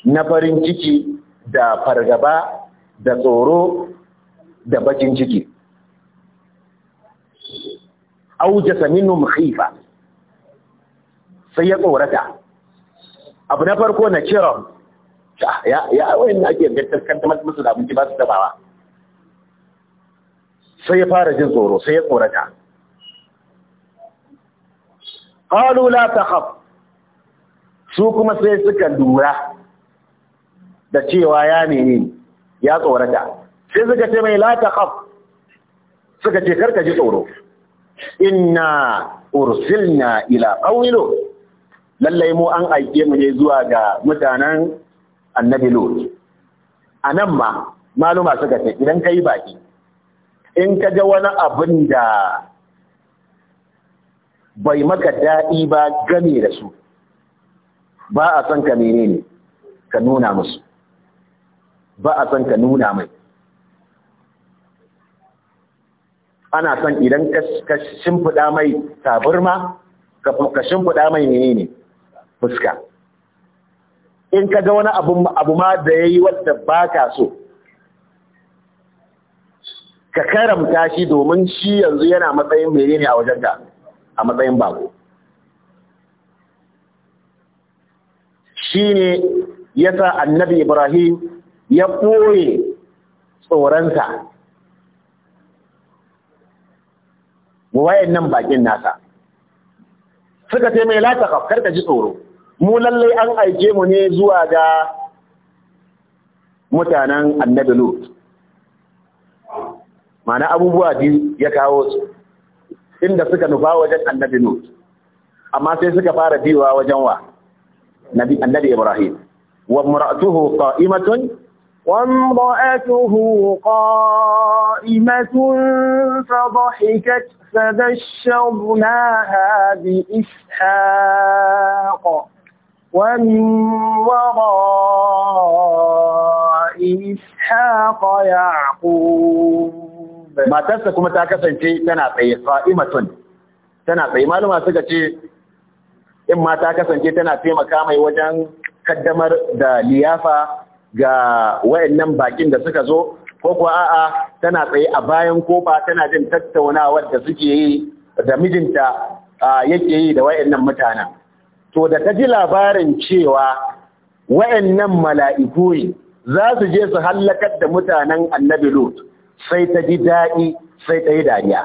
na farin ciki da fargaba da tsoro da bakin ciki aujasa Saminu khifa sai ya tsorata abu na farko na kiran ya ya wayan ake gaskantar musu da abinci ba su dabawa sai ya fara jin tsoro sai ya tsorata qalu la takhaf su kuma sai suka lura da cewa ya menene ya tsorata sai suka ce mai la takhaf suka ce karka ji tsoro inna ursilna ila qawilo lallai mu an aike mu ne zuwa ga mutanen annabi lot a nan ma maluma suka ce idan ka yi baki in ka ga wani abin da bai maka daɗi ba game da su ba a son ka menene ka nuna musu ba a son ka nuna mai ana son idan ka shimfiɗa mai taburma ka shimfiɗa mai menene fuska in ka ga wani abu ma da ya yi wadda ba ka so ka karamta shi domin shi yanzu yana matsayin mere ne a wajen ka a matsayin bako shi ne ya sa annabi ibrahim ya ɓoye tsoronsa wayan nan bakin nasa suka ce mai latakaf ka ji tsoro mu lallai an aike mu ne zuwa ga mutanen annabi Lut mana abubuwa biyu ya kawo su inda suka nufa wajen annabi Lut amma sai suka fara biwa wajen wa nabi annabi Ibrahim wa mar'atuhu qa'imatun وامرأته قائمة فضحكت فبشرناها بإسحاق ومن وراء إسحاق يعقوب matarsa kuma ta kasance tana tsaye قائمة tana tsaye ما suka ce تي إما ta kasance tana taimaka mai wajen kaddamar da liyafa ga wayannan bakin da suka zo ko kuwa a'a tana tsaye a bayan kofa tana jin tattaunawar da suke yi da mijinta yake yi da wayannan mutanen to da ta ji labarin cewa wa'annan mala'iku ne za su je su hallakar da mutanen annabi Lut sai ta ji daɗi sai ta yi dariya.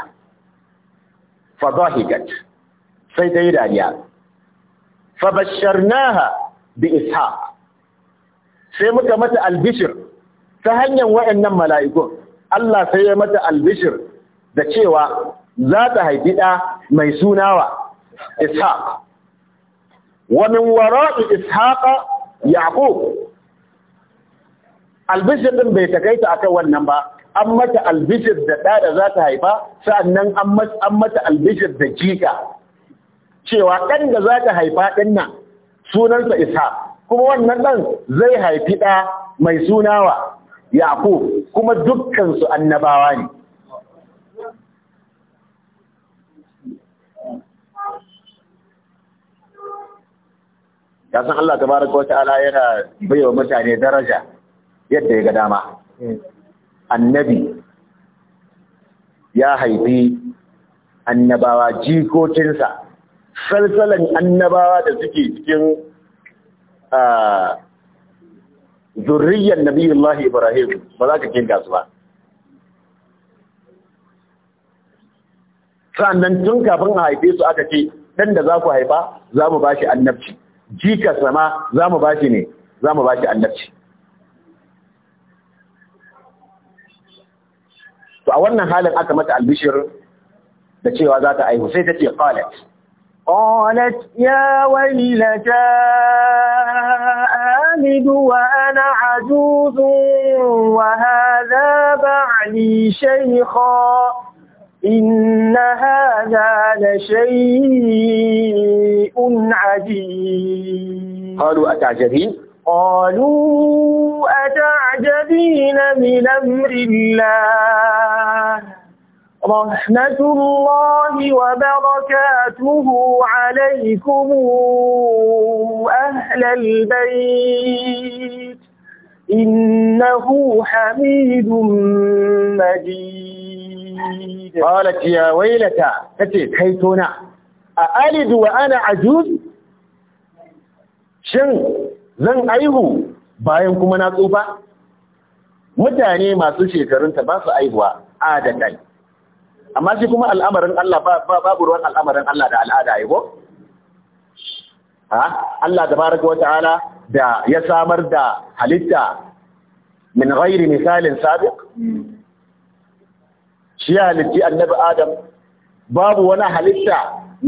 Fazahigat sai ta yi dariya. Fabasharnaha bi isa sai muka mata albishir ta hanyar wa'annan mala'ikun Allah sai ya mata albishir da cewa za ta haifi ɗa mai sunawa ishaq wa min wara'i ishaqa yaqub albishir din bai takaita akan wannan ba an mata albishir da ɗa da za ta haifa sa'annan an mata albishir da jika cewa ɗan da za ta haifa ɗin sunansa isa kuma wannan ɗan zai haifi ɗa mai sunawa yaƙub kuma dukkansu annabawa ne ya san Allah tabaraka wa ta'ala yana baiwa mutane daraja yadda ya ga dama annabi ya haifi annabawa jikokinsa salsalan annabawa da suke cikin zurriyar nabiyullah ibrahim ba za ka kinga su ba sannan tun kafin a haife su aka ce ɗan da za ku haifa za mu ba shi annabci jikarsa ma za mu ba ne za mu ba annabci to a wannan halin aka mata albishir da cewa za ta aihu sai ta ce qalat qalat ya wailata alidu wa ana ajuzun wa hadha ba'li shaykha إن هذا لشيء عجيب قالوا أتعجبين قالوا أتعجبين من أمر الله رحمة الله وبركاته عليكم أهل البيت إنه حميد مجيد qalat ya wailata tace kai tona a alidu wa ana ajuz shin zan aihu bayan kuma na tsufa mutane masu shekarunta ba su aihuwa adadan amma shi kuma أن الله babu ruwan al'amarin Allah da al'ada Allah tabaraka wa ta'ala da ya samar da halitta min ghairi misalin sabiq shi ya halitti annabi adam babu wani halitta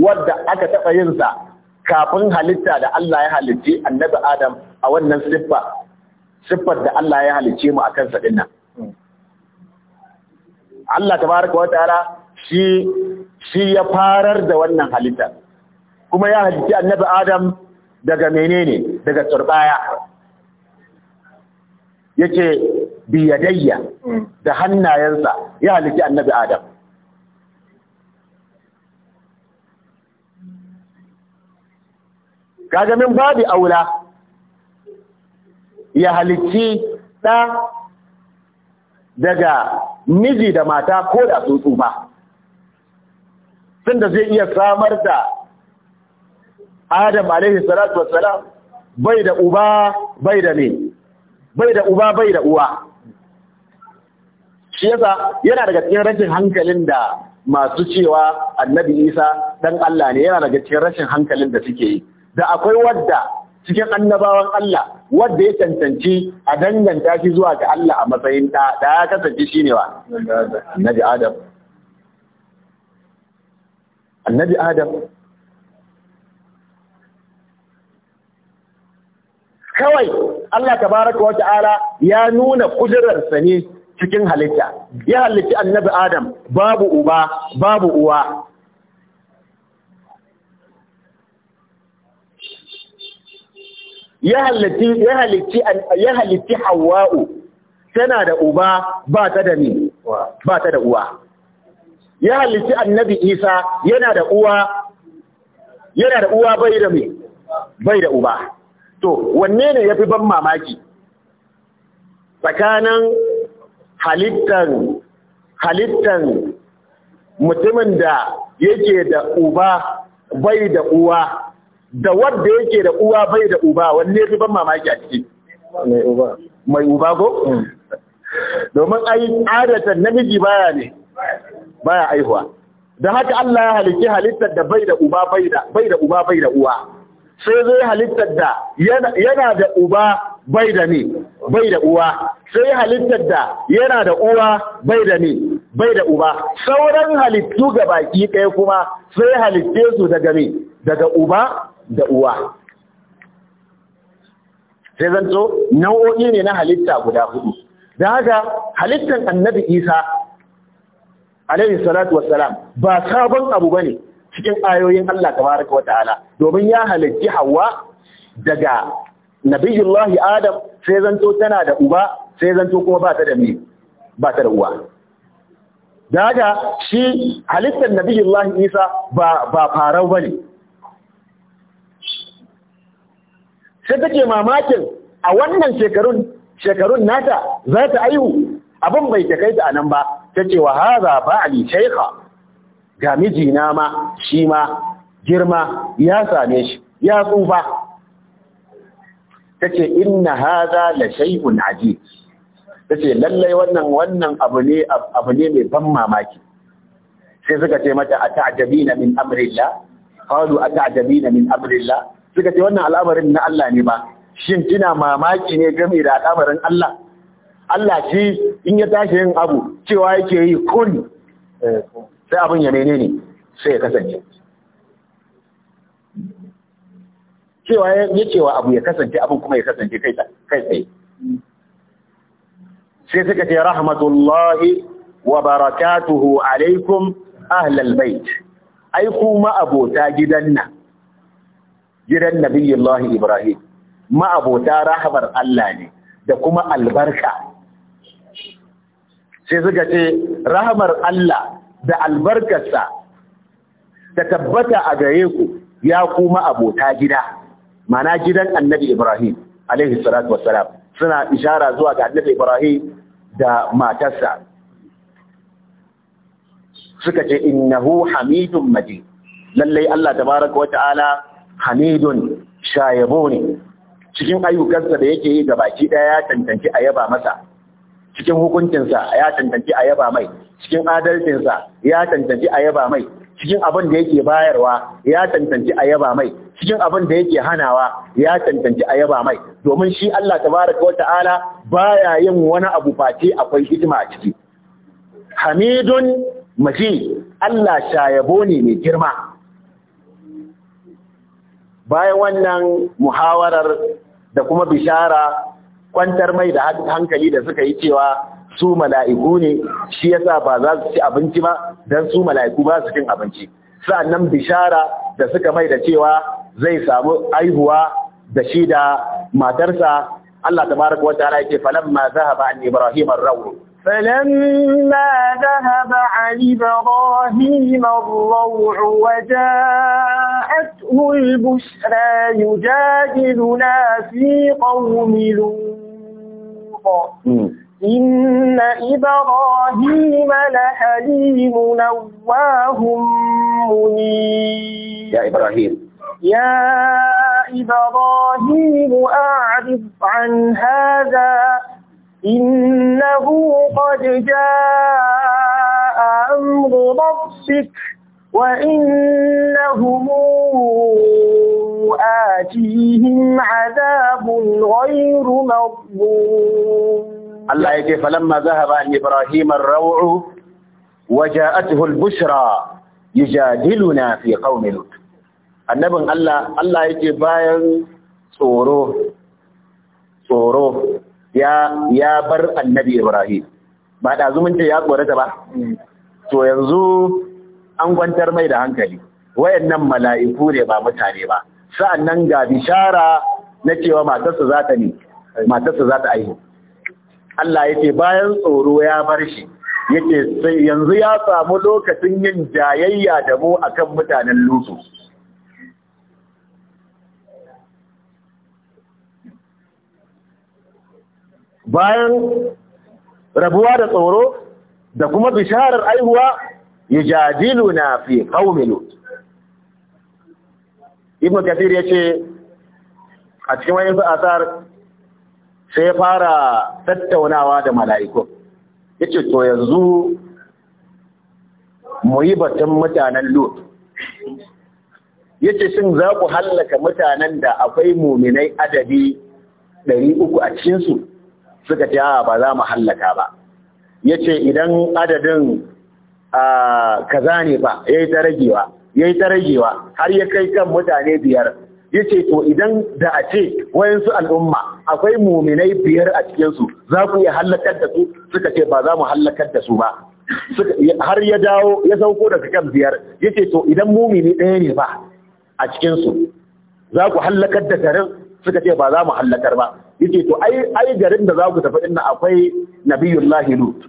wadda aka taɓa yinsa kafin halitta da Allah ya halitti annabi adam a wannan siffa siffar da Allah ya halicce mu a kansa ɗin nan. Allah tabaraka wa ta'ala shi shi ya farar da wannan halitta kuma ya halicci annabi adam daga menene daga turbaya yake biyadayya da hannayensa ya halitti annabi Adam. Gagamin babu aula ya halitti ɗa daga miji da mata ko da tsutsu ba, tunda zai iya samar da Adam alaihi salatu wasalam bai da uba bai da ne, bai da uba bai da uwa. shi yasa yana daga cikin rashin hankalin da masu cewa annabi isa dan Allah ne yana daga cikin rashin hankalin da suke yi da akwai wadda cikin annabawan Allah wadda ya cancanci a danganta shi zuwa ga Allah a matsayin ta. da ya kasance shine wa annabi adam annabi adam kawai Allah tabaraka wa ta'ala ya nuna kudirarsa ne cikin halitta ya halitta annabi adam babu uba babu uwa ya halitta hawa'u tana da uba ba ta da ni ba ta da uwa ya halitta annabi isa yana da uwa yana da uwa bai da me bai da uba to wanne ne ya fi ban mamaki tsakanin halittan halittan mutumin da yake da uba bai da uwa da wanda yake da uwa bai da uba wanne ya fi ban mamaki a ciki mai uba ko hmm. domin ai adatan namiji baya ne baya aihuwa da haka Allah ya halicci halittar da bai da uba bai da uba bai da uwa sai zai halittar da yana da uba bai da ni bai da uwa sai halittar da yana da uwa bai da ni bai da uba sauran halittu ga baki ɗaya kuma sai halitte su daga ni, daga uba da uwa sai zanto nau'o'i ne na halitta guda hudu da haka halittar annabi isa alaihi salatu wassalam ba sabon abu bane cikin ayoyin Allah tabaraka ta'ala, domin ya halicci hawa daga nabiyullahi adam sai zanto tana da uba sai zanto kuma ba ta da mi ba ta da uwa daga shi halittar nabiyullahi isa ba ba farau bane sai take mamakin a wannan shekarun shekarun nata za ta aihu abin bai ta kai ta anan ba ta ce wa haza ali shaykha ga mijina ma shi ma girma ya same shi ya tsufa kace inna hadha la shay'un ajib kace lallai wannan wannan abu ne abu ne mai ban mamaki sai suka ce mata ata'jabina min amrillah qalu ata'jabina min amrillah suka ce wannan al'amarin na Allah ne ba shin kina mamaki ne game da al'amarin Allah Allah shi in ya tashi yin abu cewa yake yi kun eh, sai abin ya menene sai ya kasance cewa ya cewa abu ya kasance abin kuma ya kasance kai tsaye sai suka ce rahmatullahi wa barakatuhu alaikum ahlal bait ai kuma abota gidan nan gidan nabiyullahi ibrahim ma abota rahmar Allah ne da kuma albarka sai suka ce rahmar Allah da albarkarsa ta tabbata a gare ku ya kuma abota gida mana gidan annabi Ibrahim alaihi salatu wassalam suna ishara zuwa ga annabi Ibrahim da matarsa suka ce innahu hamidun majid lallai Allah tabaraka wa ta'ala hamidun shayabo ne cikin ayyukansa da yake yi ga baki daya ya tantance a yaba masa cikin hukuncinsa ya tantance a yaba mai cikin adalcinsa ya tantance a yaba mai cikin abin da yake bayarwa ya tantance a yaba mai cikin abin da yake hanawa ya cancanci a yaba mai domin shi Allah tabaraka wata'ala baya yin wani abu face akwai hikima a ciki hamidun maji Allah shayabo ne mai girma bayan wannan muhawarar da kuma bishara kwantar mai da hankali da suka yi cewa su mala'iku ne shi yasa ba za su ci abinci ba don su mala'iku ba su cin abinci sa'annan bishara da suka mai da cewa zai samu aihuwa da shi da matarsa Allah tabaraka wa ta'ala yake falamma zahaba an ibrahim ar-rawu فلما ذهب عن إبراهيم الروع وجاءته البشرى يجادلنا في قوم لوط إن إبراهيم لحليم نواه منيب يا إبراهيم يا إبراهيم أعرض عن هذا إنه قد جاء أمر ربك وإنهم آتيهم عذاب غير مضبوط الله يجي فلما ذهب عن إبراهيم الروع وجاءته البشرى يجادلنا في قوم لوط annabin Allah Allah yake bayan tsoro tsoro ya ya bar annabi Ibrahim ba da zumunci ya tsorata ba to yanzu an kwantar mai da hankali wayannan mala'iku ne ba mutane ba nan ga bishara na cewa matarsa za ta ne matarsa za ta aihu Allah yake bayan tsoro ya bar shi yake sai yanzu ya samu lokacin yin jayayya da mu akan mutanen lusu bayan rabuwa da tsoro da kuma bisharar aihuwa yujadiluna fi kawo lut Ibn kathir yace a cikin wani asar sai fara tattaunawa da mala'iku ce to yanzu mu yi batun mutanen lut ce shin za ku hallaka mutanen da akwai muminai adadi ɗari uku a cikinsu suka ce a ba za mu hallaka ba ya ce idan adadin kaza ne ba ya yi ta ragewa ya yi taragewa har ya kai kan mutane biyar ya ce to idan da a ce wayansu al'umma akwai muminai biyar a cikinsu za ku iya hallakar da su suka ce ba za mu hallakar da su ba har ya dawo ya sauko daga kan biyar ya ce to idan mumini ɗaya ne ba a cikinsu za ku hallakar da garin suka ce ba za mu hallakar ba yake to ai ai garin da za ku tafi inna akwai nabiyullahi lut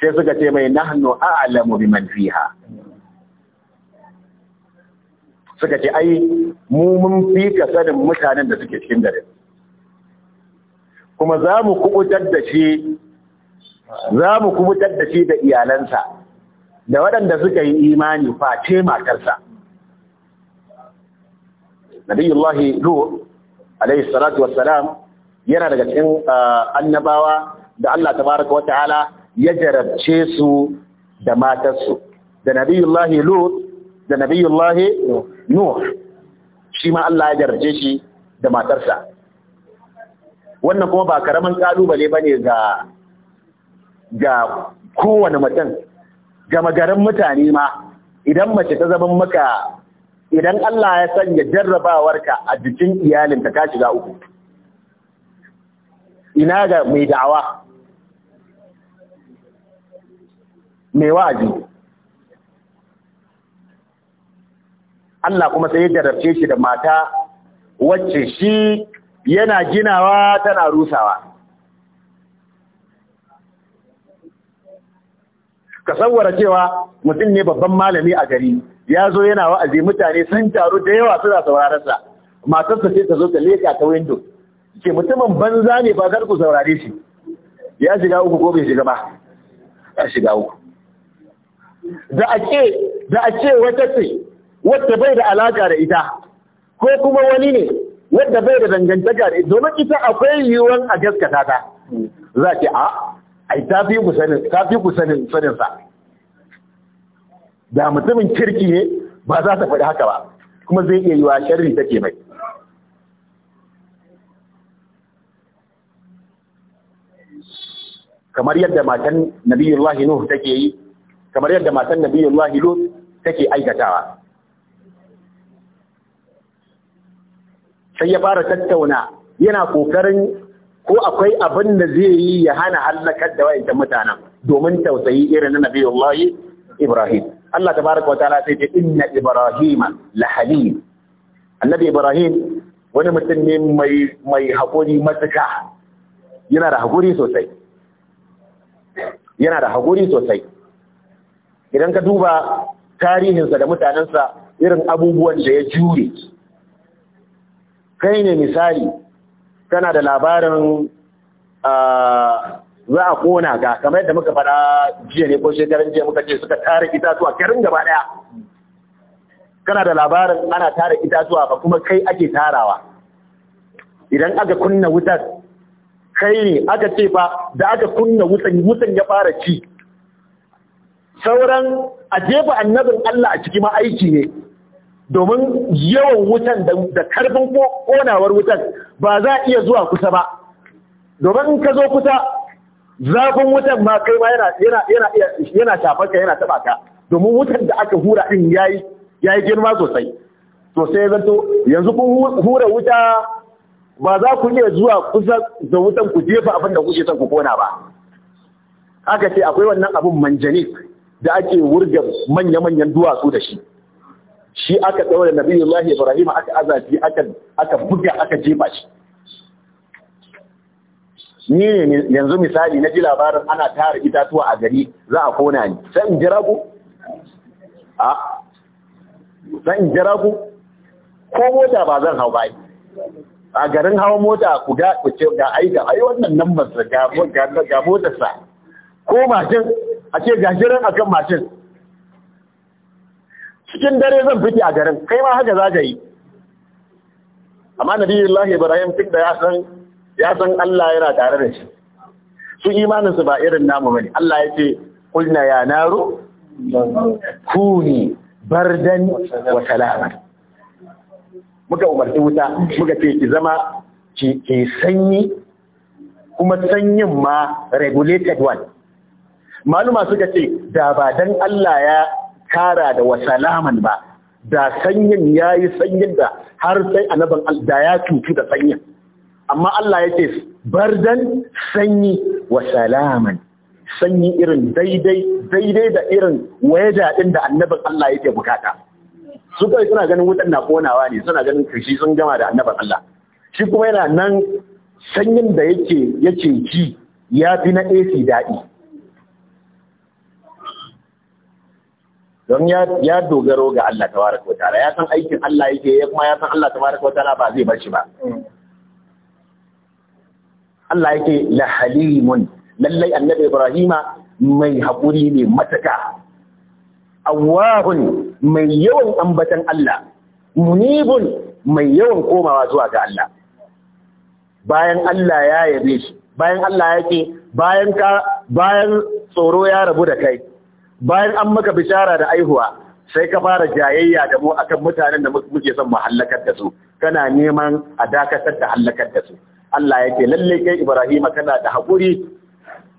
sai suka ce mai nahnu a'lamu biman fiha suka ce ai mu mun fi ka sanin mutanen da suke cikin garin kuma za mu kubutar da shi za mu kubutar da shi da iyalansa da waɗanda suka yi imani face matarsa nabiyullahi lu alaihi salatu wassalam yana daga cikin ah, annabawa da Allah tabaraka wa ta'ala ya jarabce su da matarsu da nabiyullahi lut da nabiyullahi nuh shi ma Allah ya jarabce shi da matarsa wannan kuma ba karaman ƙalubale bane ga ga kowane mutum ga magaran mutane ma idan mace ta zama maka idan Allah ya sanya ka a jikin iyalinka ka shiga uku ina ga mai da'awa mai wa'azi Allah kuma sai ya jarrabce shi da mata wacce shi yana ginawa tana rusawa. Ka sawara cewa mutum ne babban malami a gari, ya zo yana wa'azi mutane sun taru da yawa suna sauraron matarsa sai ta zo ta leka ta window Ke mutumin banza ne ba kar ku saurare shi ya shiga uku ko bai shiga ba ya shiga uku da a ce da a ce wata ce wadda bai da alaka da ita ko kuma wani ne wadda bai da dangantaka da ita domin ita akwai yiwuwan a gaskata ta za ki a ai ta fi ku sanin ta fi ku sanin sanin sa da mutumin kirki ne ba za ta faɗi haka ba kuma zai iya yiwa sharri take mai kamar yadda matan nabiyullahi nuhu take yi kamar yadda matan take aikatawa sai ya fara tattauna yana kokarin ko akwai abin da zai yi ya hana halakar da wa'ancan mutanen domin tausayi irin na nabiyullahi ibrahim Allah tabaraka wa ta'ala sai ce inna ibrahima la halim annabi ibrahim wani mutum ne mai mai hakuri matuka yana da hakuri sosai yana da hakuri sosai idan ka duba tarihinsa da mutanensa irin abubuwan da ya jure kai ne misali kana da labarin ah, za a kona ga kamar yadda muka faɗa jiya ne ko shekaran jiya muka ce suka tara itatuwa karin gaba ɗaya kana da labarin ana tara itatuwa ba kuma kai ake tarawa idan aka kunna wutar kai ne aka ce fa da aka kunna wutan wutan ya fara ci sauran a jefa annabin Allah a ciki ma aiki ne domin yawan wutan da karfin konawar wutan ba za a iya zuwa kusa ba domin in ka zo kusa zafin wutan ma kai ma yana shafar ka yana taba ka domin wutan da aka hura din yayi yayi girma sosai to sai yanzu kun hura wuta ba za ku iya zuwa kusa da wutan ku jefa abin da kuke son ku kona ba aka ce akwai wannan abin manjani da ake wurga manya-manyan duwatsu da shi shi aka ɗaura nabiyullahi ibrahim aka azafi aka buga aka jefa shi ni ne yanzu misali na ji labarin ana tara itatuwa a gari za a kona ni sai in jira ku a sai in jira ku ko mota ba zan hau bai a garin hawa mota ku ga ku ce ga ai ga ai wannan nan ba ga ga ga motar sa ko mashin a ce ga jiran akan mashin cikin dare zan fiti a garin kai ma haka za ka yi amma nabiyullahi ibrahim duk da ya san ya san Allah yana tare da shi su imaninsu ba irin namu bane Allah ya ce kulna ya naru kuni bardan wa salama muka umarci wuta muka ce ki zama ki sanyi kuma sanyin ma regulated one maluma suka ce da ba dan Allah ya kara da wa salaman ba da sanyin yayi sanyin da har sai annabin da ya cutu da sanyin amma Allah yake bardan sanyi wa salaman sanyi irin daidai daidai da irin waya din da annabin Allah yake bukata su kai suna ganin wutan na konawa ne suna ganin kishi sun gama da annabin Allah shi kuma yana nan sanyin da yake yake ji ya fi na AC daɗi don ya dogaro ga Allah tabaraka wa ta'ala ya san aikin Allah yake ya kuma ya san Allah tabaraka wa ta'ala ba zai bar shi ba Allah yake la halimun lallai annabi Ibrahima mai haƙuri ne mataka awahun mai yawan ambatan Allah munibun mai yawan komawa zuwa ga Allah bayan Allah ya yabe shi bayan Allah yake bayan ka bayan tsoro ya rabu da kai bayan an maka bishara da aihuwa sai ka fara jayayya da mu akan mutanen da muke son mu hallakar da su kana neman a dakatar da hallakar da su Allah ya ce lalle kai Ibrahim kana da haƙuri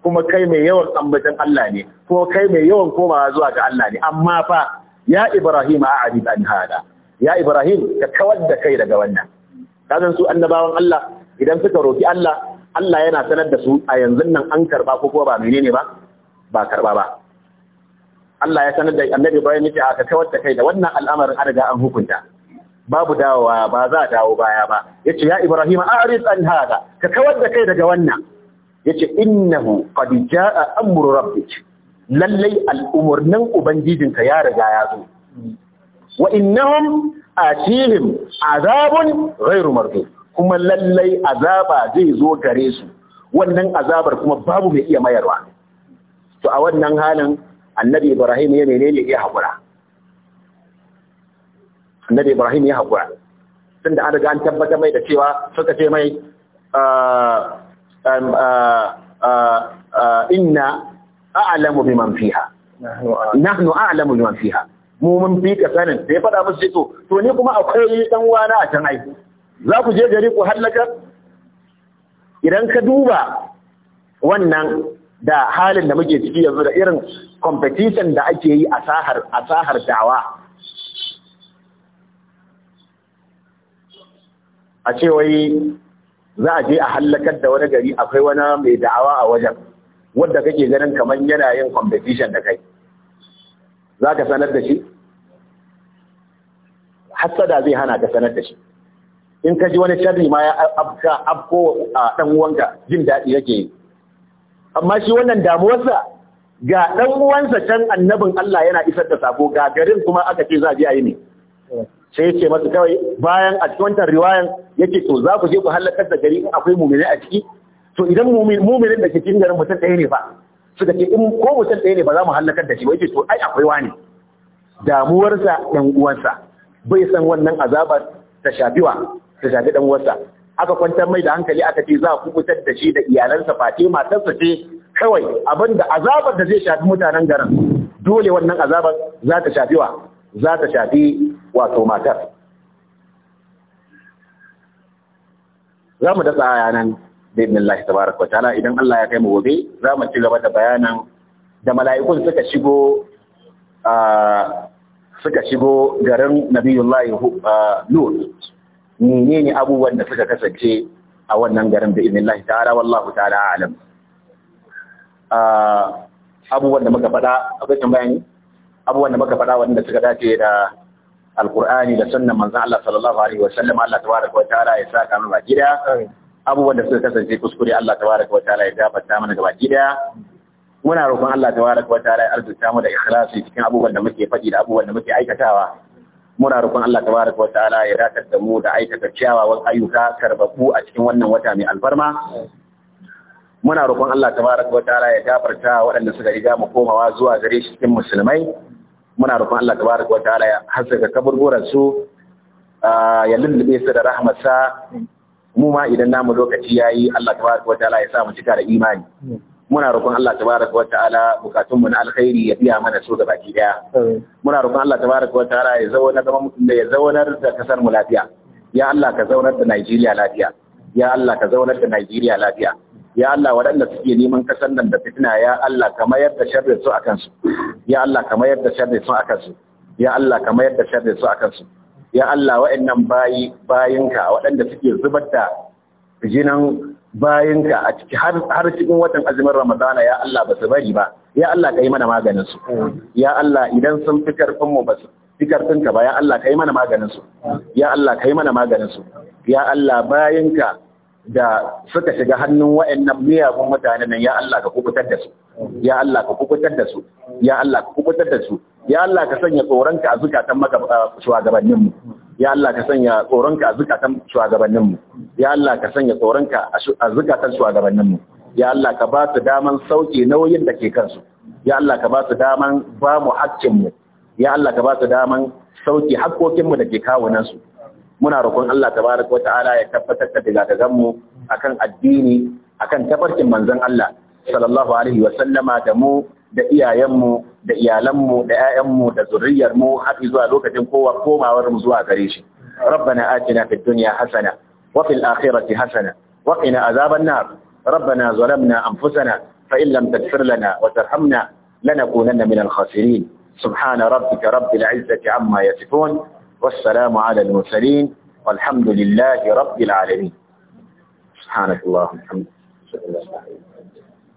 kuma kai mai yawan ambatan Allah ne ko kai mai yawan komawa zuwa ga Allah ne amma fa ya Ibrahim a a'rid an hada ya Ibrahim ka kawar da kai daga wannan kazan su annabawan Allah idan suka roki Allah Allah yana sanar da su a yanzu nan an karba ko kuma ba menene ba ba karba ba Allah ya sanar da Annabi Ibrahim yace ka kawar da kai da wannan al'amarin an riga an hukunta babu dawowa ba za a dawo baya ba yace ya ibrahim a'rid an haka. ka kawar da kai daga wannan yace innahu qad jaa amru rabbik lallai al'umurnin ubangijinka ya riga ya zo wa innahum atihim azabun ghairu mardud kuma lallai azaba zai zo gare su wannan azabar kuma babu mai iya mayarwa to a wannan halin annabi ibrahim ya menene ya hakura annabi Ibrahim ya haƙura tun da an riga an tabbata mai da cewa suka ce mai ah, um, ah, ah, inna a'lamu biman fiha nahnu a'lamu biman fiha mu mun fi ka sanin sai fada faɗa musu to to ni kuma akwai dan wana a can aiki za ku je gari ku hallaka idan ka duba wannan da halin da muke ciki yanzu da irin competition da ake yi a sahar a sahar dawa a ce wai za a je a hallakar da wani gari akwai wani mai da'awa a wajen wadda kake ganin kamar yana yin competition da kai za ka sanar da shi hassada zai hana ka sanar da shi in ka ji wani sharri ma ya abka abko a ɗan uwanka jin daɗi yake yi amma shi wannan damuwarsa ga ɗan uwansa can annabin Allah yana isar da sako ga garin kuma aka ce za a je a yi ne sai ce masa kawai bayan a cikin wancan riwayan yake to za ku je ku halakar da gari akwai mumini a ciki to idan muminin da ke cikin garin mutum ɗaya ne ba, suka ce in ko mutum ɗaya ne ba za mu halakar da shi ba yake to ai akwai wani damuwarsa ɗan uwansa bai san wannan azabar ta shafi wa ta shafi ɗan uwansa aka kwantar mai da hankali aka ce za a kubutar da shi da iyalansa face matarsa ce kawai abinda azabar da zai shafi mutanen garin dole wannan azabar za ta shafi wa za ta shafi wato matar za mu datsa yanan da ibn Allah tabaraka wa ta'ala idan Allah ya kai mu gobe za mu ci gaba da bayanan da mala'ikun suka shigo suka shigo garin Nabiyullahi ne ne abubuwan da suka kasance a wannan garin da ibn lahi ta'ala wallahu ta'ala alam abubuwan da muka faɗa akwai tambaya abubuwan da muka faɗa wanda suka dace da alkur'ani da sunnan manzon Allah sallallahu alaihi wa wasallam Allah tabaraka wa ta'ala ya saka mu baki da abubuwan da suka kasance kuskure Allah tabaraka wa ta'ala ya gafarta mana gaba ki da muna roƙon Allah tabaraka wa ta'ala ya arzuta mu da ikhlasi cikin abubuwan da muke faɗi da abubuwan da muke aikatawa muna roƙon Allah tabaraka wa ta'ala ya dakatar da mu da aikata kyawawan ayyuka karbabu a cikin wannan wata mai alfarma muna roƙon Allah tabaraka wataala ya gafarta waɗanda suka riga mu komawa zuwa gare shi cikin musulmai muna roƙon Allah tabaraka wataala ya haskaka kaburburan su ya lullube su da rahmatsa mu ma idan namu lokaci yayi Allah tabaraka wataala ya sa mu cika da imani muna roƙon Allah tabaraka wataala bukatun mu na alkhairi ya biya mana su baki daya muna roƙon Allah tabaraka wataala ya zaunar da ya zaunar da kasar mu lafiya ya Allah ka zaunar da Najeriya lafiya ya Allah ka zaunar da Najeriya lafiya ya Allah waɗanda suke neman ƙasar nan da fitina ya Allah ka yadda da sharri su akan su ya Allah ka yadda da sharri su akan su ya Allah ka yadda da sharri su akan su ya Allah waɗannan bayi bayinka waɗanda suke zubar da jinan bayinka a ciki har cikin watan azumin Ramadana ya Allah ba su bari ba ya Allah ka yi mana maganin su ya Allah idan sun fikar karfin mu ba su fikar karfin ba ya Allah ka yi mana maganin su ya Allah ka yi mana maganin su ya Allah bayinka da suka shiga hannun wa'annan miyagun mutane nan ya Allah ka kubutar da su ya Allah ka kubutar da su ya Allah ka kubutar da su ya Allah ka sanya tsoronka a zukatan shugabannin mu ya Allah ka sanya tsoronka a zukatan shugabannin mu ya Allah ka sanya tsoronka a zukatan shugabannin mu ya Allah ka ba su daman sauke nauyin da ke kansu ya Allah ka ba su daman ba mu haƙƙin mu ya Allah ka ba su daman sauke haƙƙokin mu da ke kawunan su muna roƙon Allah tabaraka wata'ala ya tabbatar da dagadagan mu akan addini akan tabarkin manzon Allah sallallahu alaihi wa sallama da mu da iyayenmu da iyalanmu da ƴaƴanmu da zurriyarmu har zuwa lokacin kowa komawar mu zuwa gare shi rabbana atina fid dunya hasana wa fil akhirati hasana wa qina azaban nar rabbana zalamna anfusana fa in lam taghfir lana wa tarhamna lanakunanna minal khasirin subhana rabbika rabbil izzati amma yasifun والسلام على المرسلين والحمد لله رب العالمين سبحانك اللهم وبحمدك